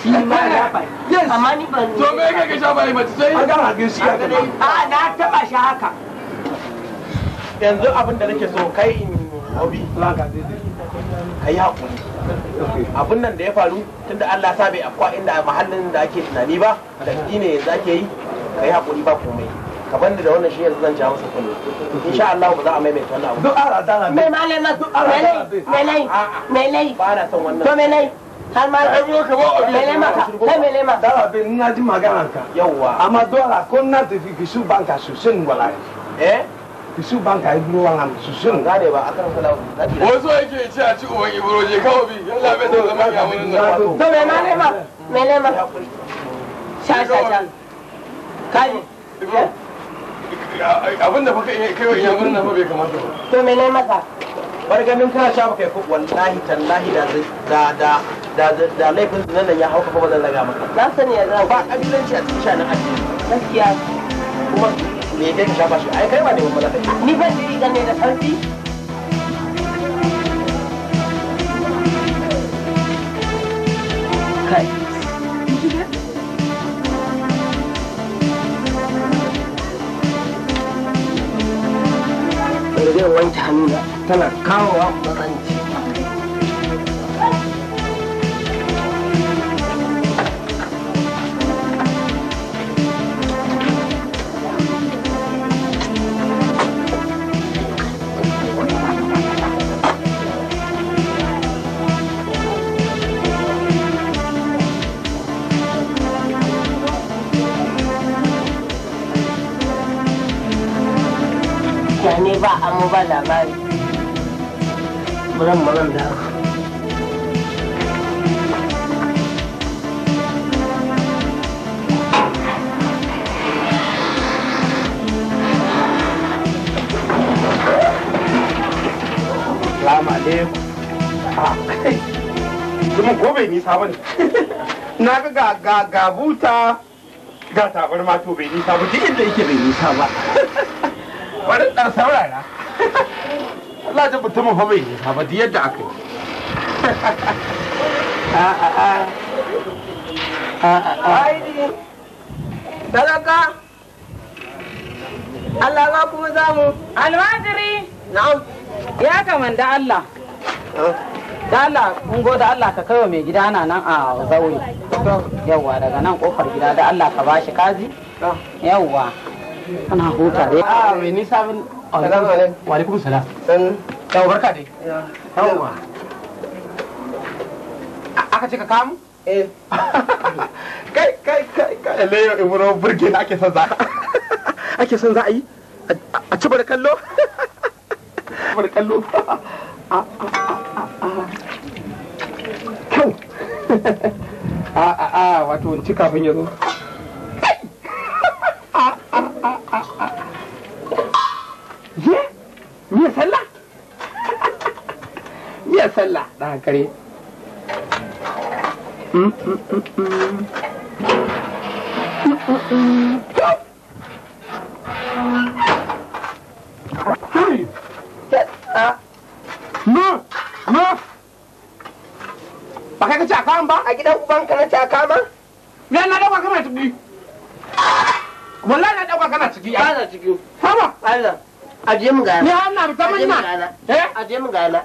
shi ma ya hafa amma ni ban to me kake shafa mace sai an gara shi a na taba shi haka yanzu abin da nake so kai in hobi ka yi haƙuri abin nan da ya faru tunda Allah sa bai afkwa inda mahallin da ake tunani ba da ne yanzu ake yi ka yi haƙuri ba komai ka da wannan shi yanzu zan ja masa kullu insha Allah ba za a maimaita wannan abu duk ara dana mai ba na wannan to har ma ka ka ba ka dala be na ji magana ka yawa amma dola ko na tafi ki su banka su sun wala eh ki su banka ibro wala su sun gane ba akan kula wazo yake ce a ci uban ibro je kawo bi yalla bai da zaman ya mun nan to sha sha sha kai abinda fa kai kai wa iyamurin nan bai kamata ba to me ne masa bar ganin kana sha baka ku wallahi tallahi da da da da da laifin nan ya hauka fa bazan laga maka na sani ya zan ba kabilanci a cikin shanin addini gaskiya kuma me kai ka shafa shi ai kai ba ne mun malaka ni ban da riga ne da sarfi zai wanke hannu tana kawowa matsanci ba a mu ba labari muran muran da ah, Kuma ko bai nisa ba ne. Na ga ga ga buta ga tabarma to bai nisa ba duk inda yake bai nisa ba. bari dan saurara Allah ji mutumin fa bai yi ba da yadda aka yi Sadaka Allah za kuma za mu almajiri na'am ya kaman da Allah da Allah kun go da Allah ka kai wa mai gida ana nan a zaure Yawwa, daga nan kofar gida da Allah ka bashi kazi Yawwa. ana huta dai a me ni sabin assalamu alaikum wa alaikum salam san yawa barka dai yawa aka ce ka kamu eh. kai kai kai kai imuro burge ake son za ake son za a yi a ci bar kallo bar kallo kyau a a wato kafin ya zo a kare mm, mm, mm, ba kai ka caka a gidan ubanka na caka ma ya na dauka kana ciki wallahi na dauka kana ciki na ciki haba Allah aje mu ga ya na ta mun na eh aje mu ga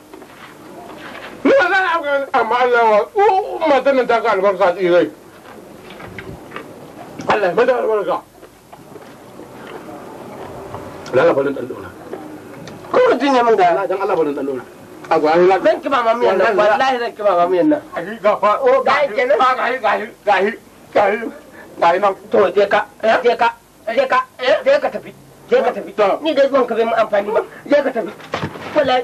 me amma Allah wa ko matan nan ta ka albarka tsirai Allah mata albarka lala barin dan dona ko ka jinya da dan Allah barin dan dona a gwani la zan kiba mamu yanna wallahi zan kiba mamu yanna ahi gafa o gahi kenan gahi gahi gahi gahi gahi nan to je ka je ka je ka je ka tafi je ka tafi ni dai zuwan ka bai mu amfani ba je ka tafi wallahi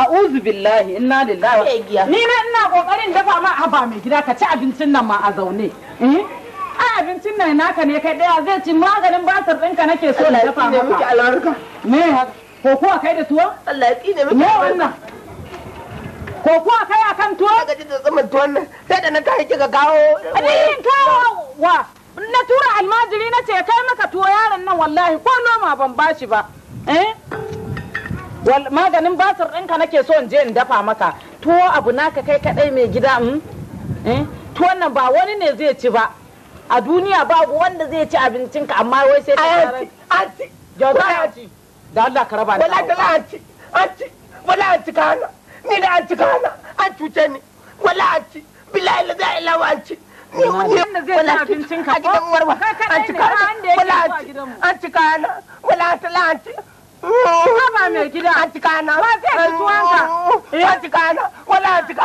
uzu billahi inna lillahi ni ne ina kokarin dafa ma ba mai gida ka ci abincin nan ma a zaune eh? a abincin nan naka ne kai daya zai ci maganin basar ɗinka nake so na dafa maka me haka ko kuwa kai da tuwo Allah ya tsine miki me wannan ko kuwa kai akan tuwo ka ji da tsaman tuwon nan sai da na yi kika kawo ni kawo wa na tura almajiri na ce kai maka tuwo yaron nan wallahi ko noma ban bashi ba eh wal maganin basir ɗinka nake so in je in dafa maka tuwo abu naka kai kadai mai gida mm? eh? tuwon nan ba wani ne zai ci ba a duniya babu wanda zai ci abincin ka amma wai sai ka anti jauta ya ci da Allah ka raba ni wala da anti aci, wala aci, kana ni da aci kana an cuce ni wala anti billahi la ilaha illa anti ni wanda zai ci abincinka ko kai kadai ne wala anti anti kana wala aci. Haba mai gida. A cika na. zai ka zuwanka. A cika na. Wala a cika.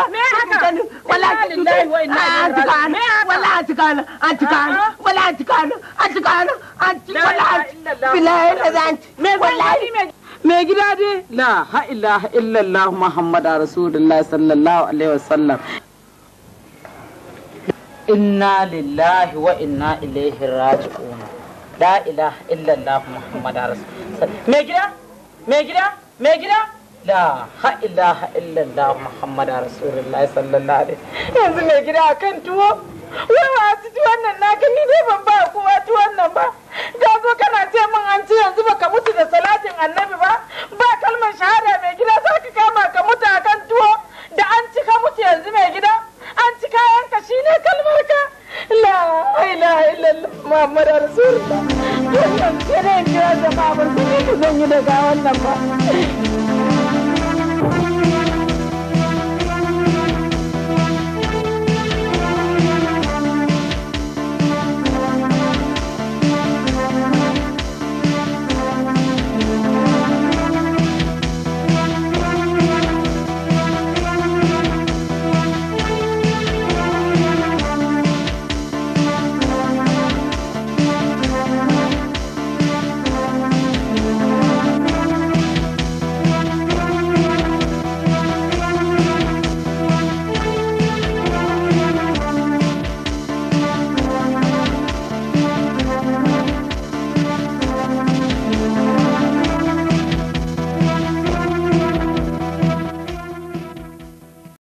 Wala a cika. A cika na. Wala a cika na. A cika na. Wala a cika na. A cika na. A cika na. Filayen da zan ci. Me wallahi. Mai gida dai. La ha ilaha illallah Muhammadu Rasulullahi sallallahu alaihi wasallam. Inna lillahi wa inna ilaihi raji'un. La ilaha illallah Muhammadu Rasulullahi. mai gida mai gida mai gida la ha ilaha illallah muhammad rasulullah sallallahu alaihi yanzu mai gida akan tuwo wai wa su ji wannan na ni dai ban ba kowa tuwon wannan ba ga zo kana ce min an ce yanzu baka mutu da salatin annabi ba ba kalmar shahada mai gida za ka kama ka mutu akan tuwo da an cika muke yanzu mai gida an ci kayanka shi ne kalmar ka la ilaha illallah muhammad rasulullah wannan sai ne kira da ba su ne zan yi daga wannan ba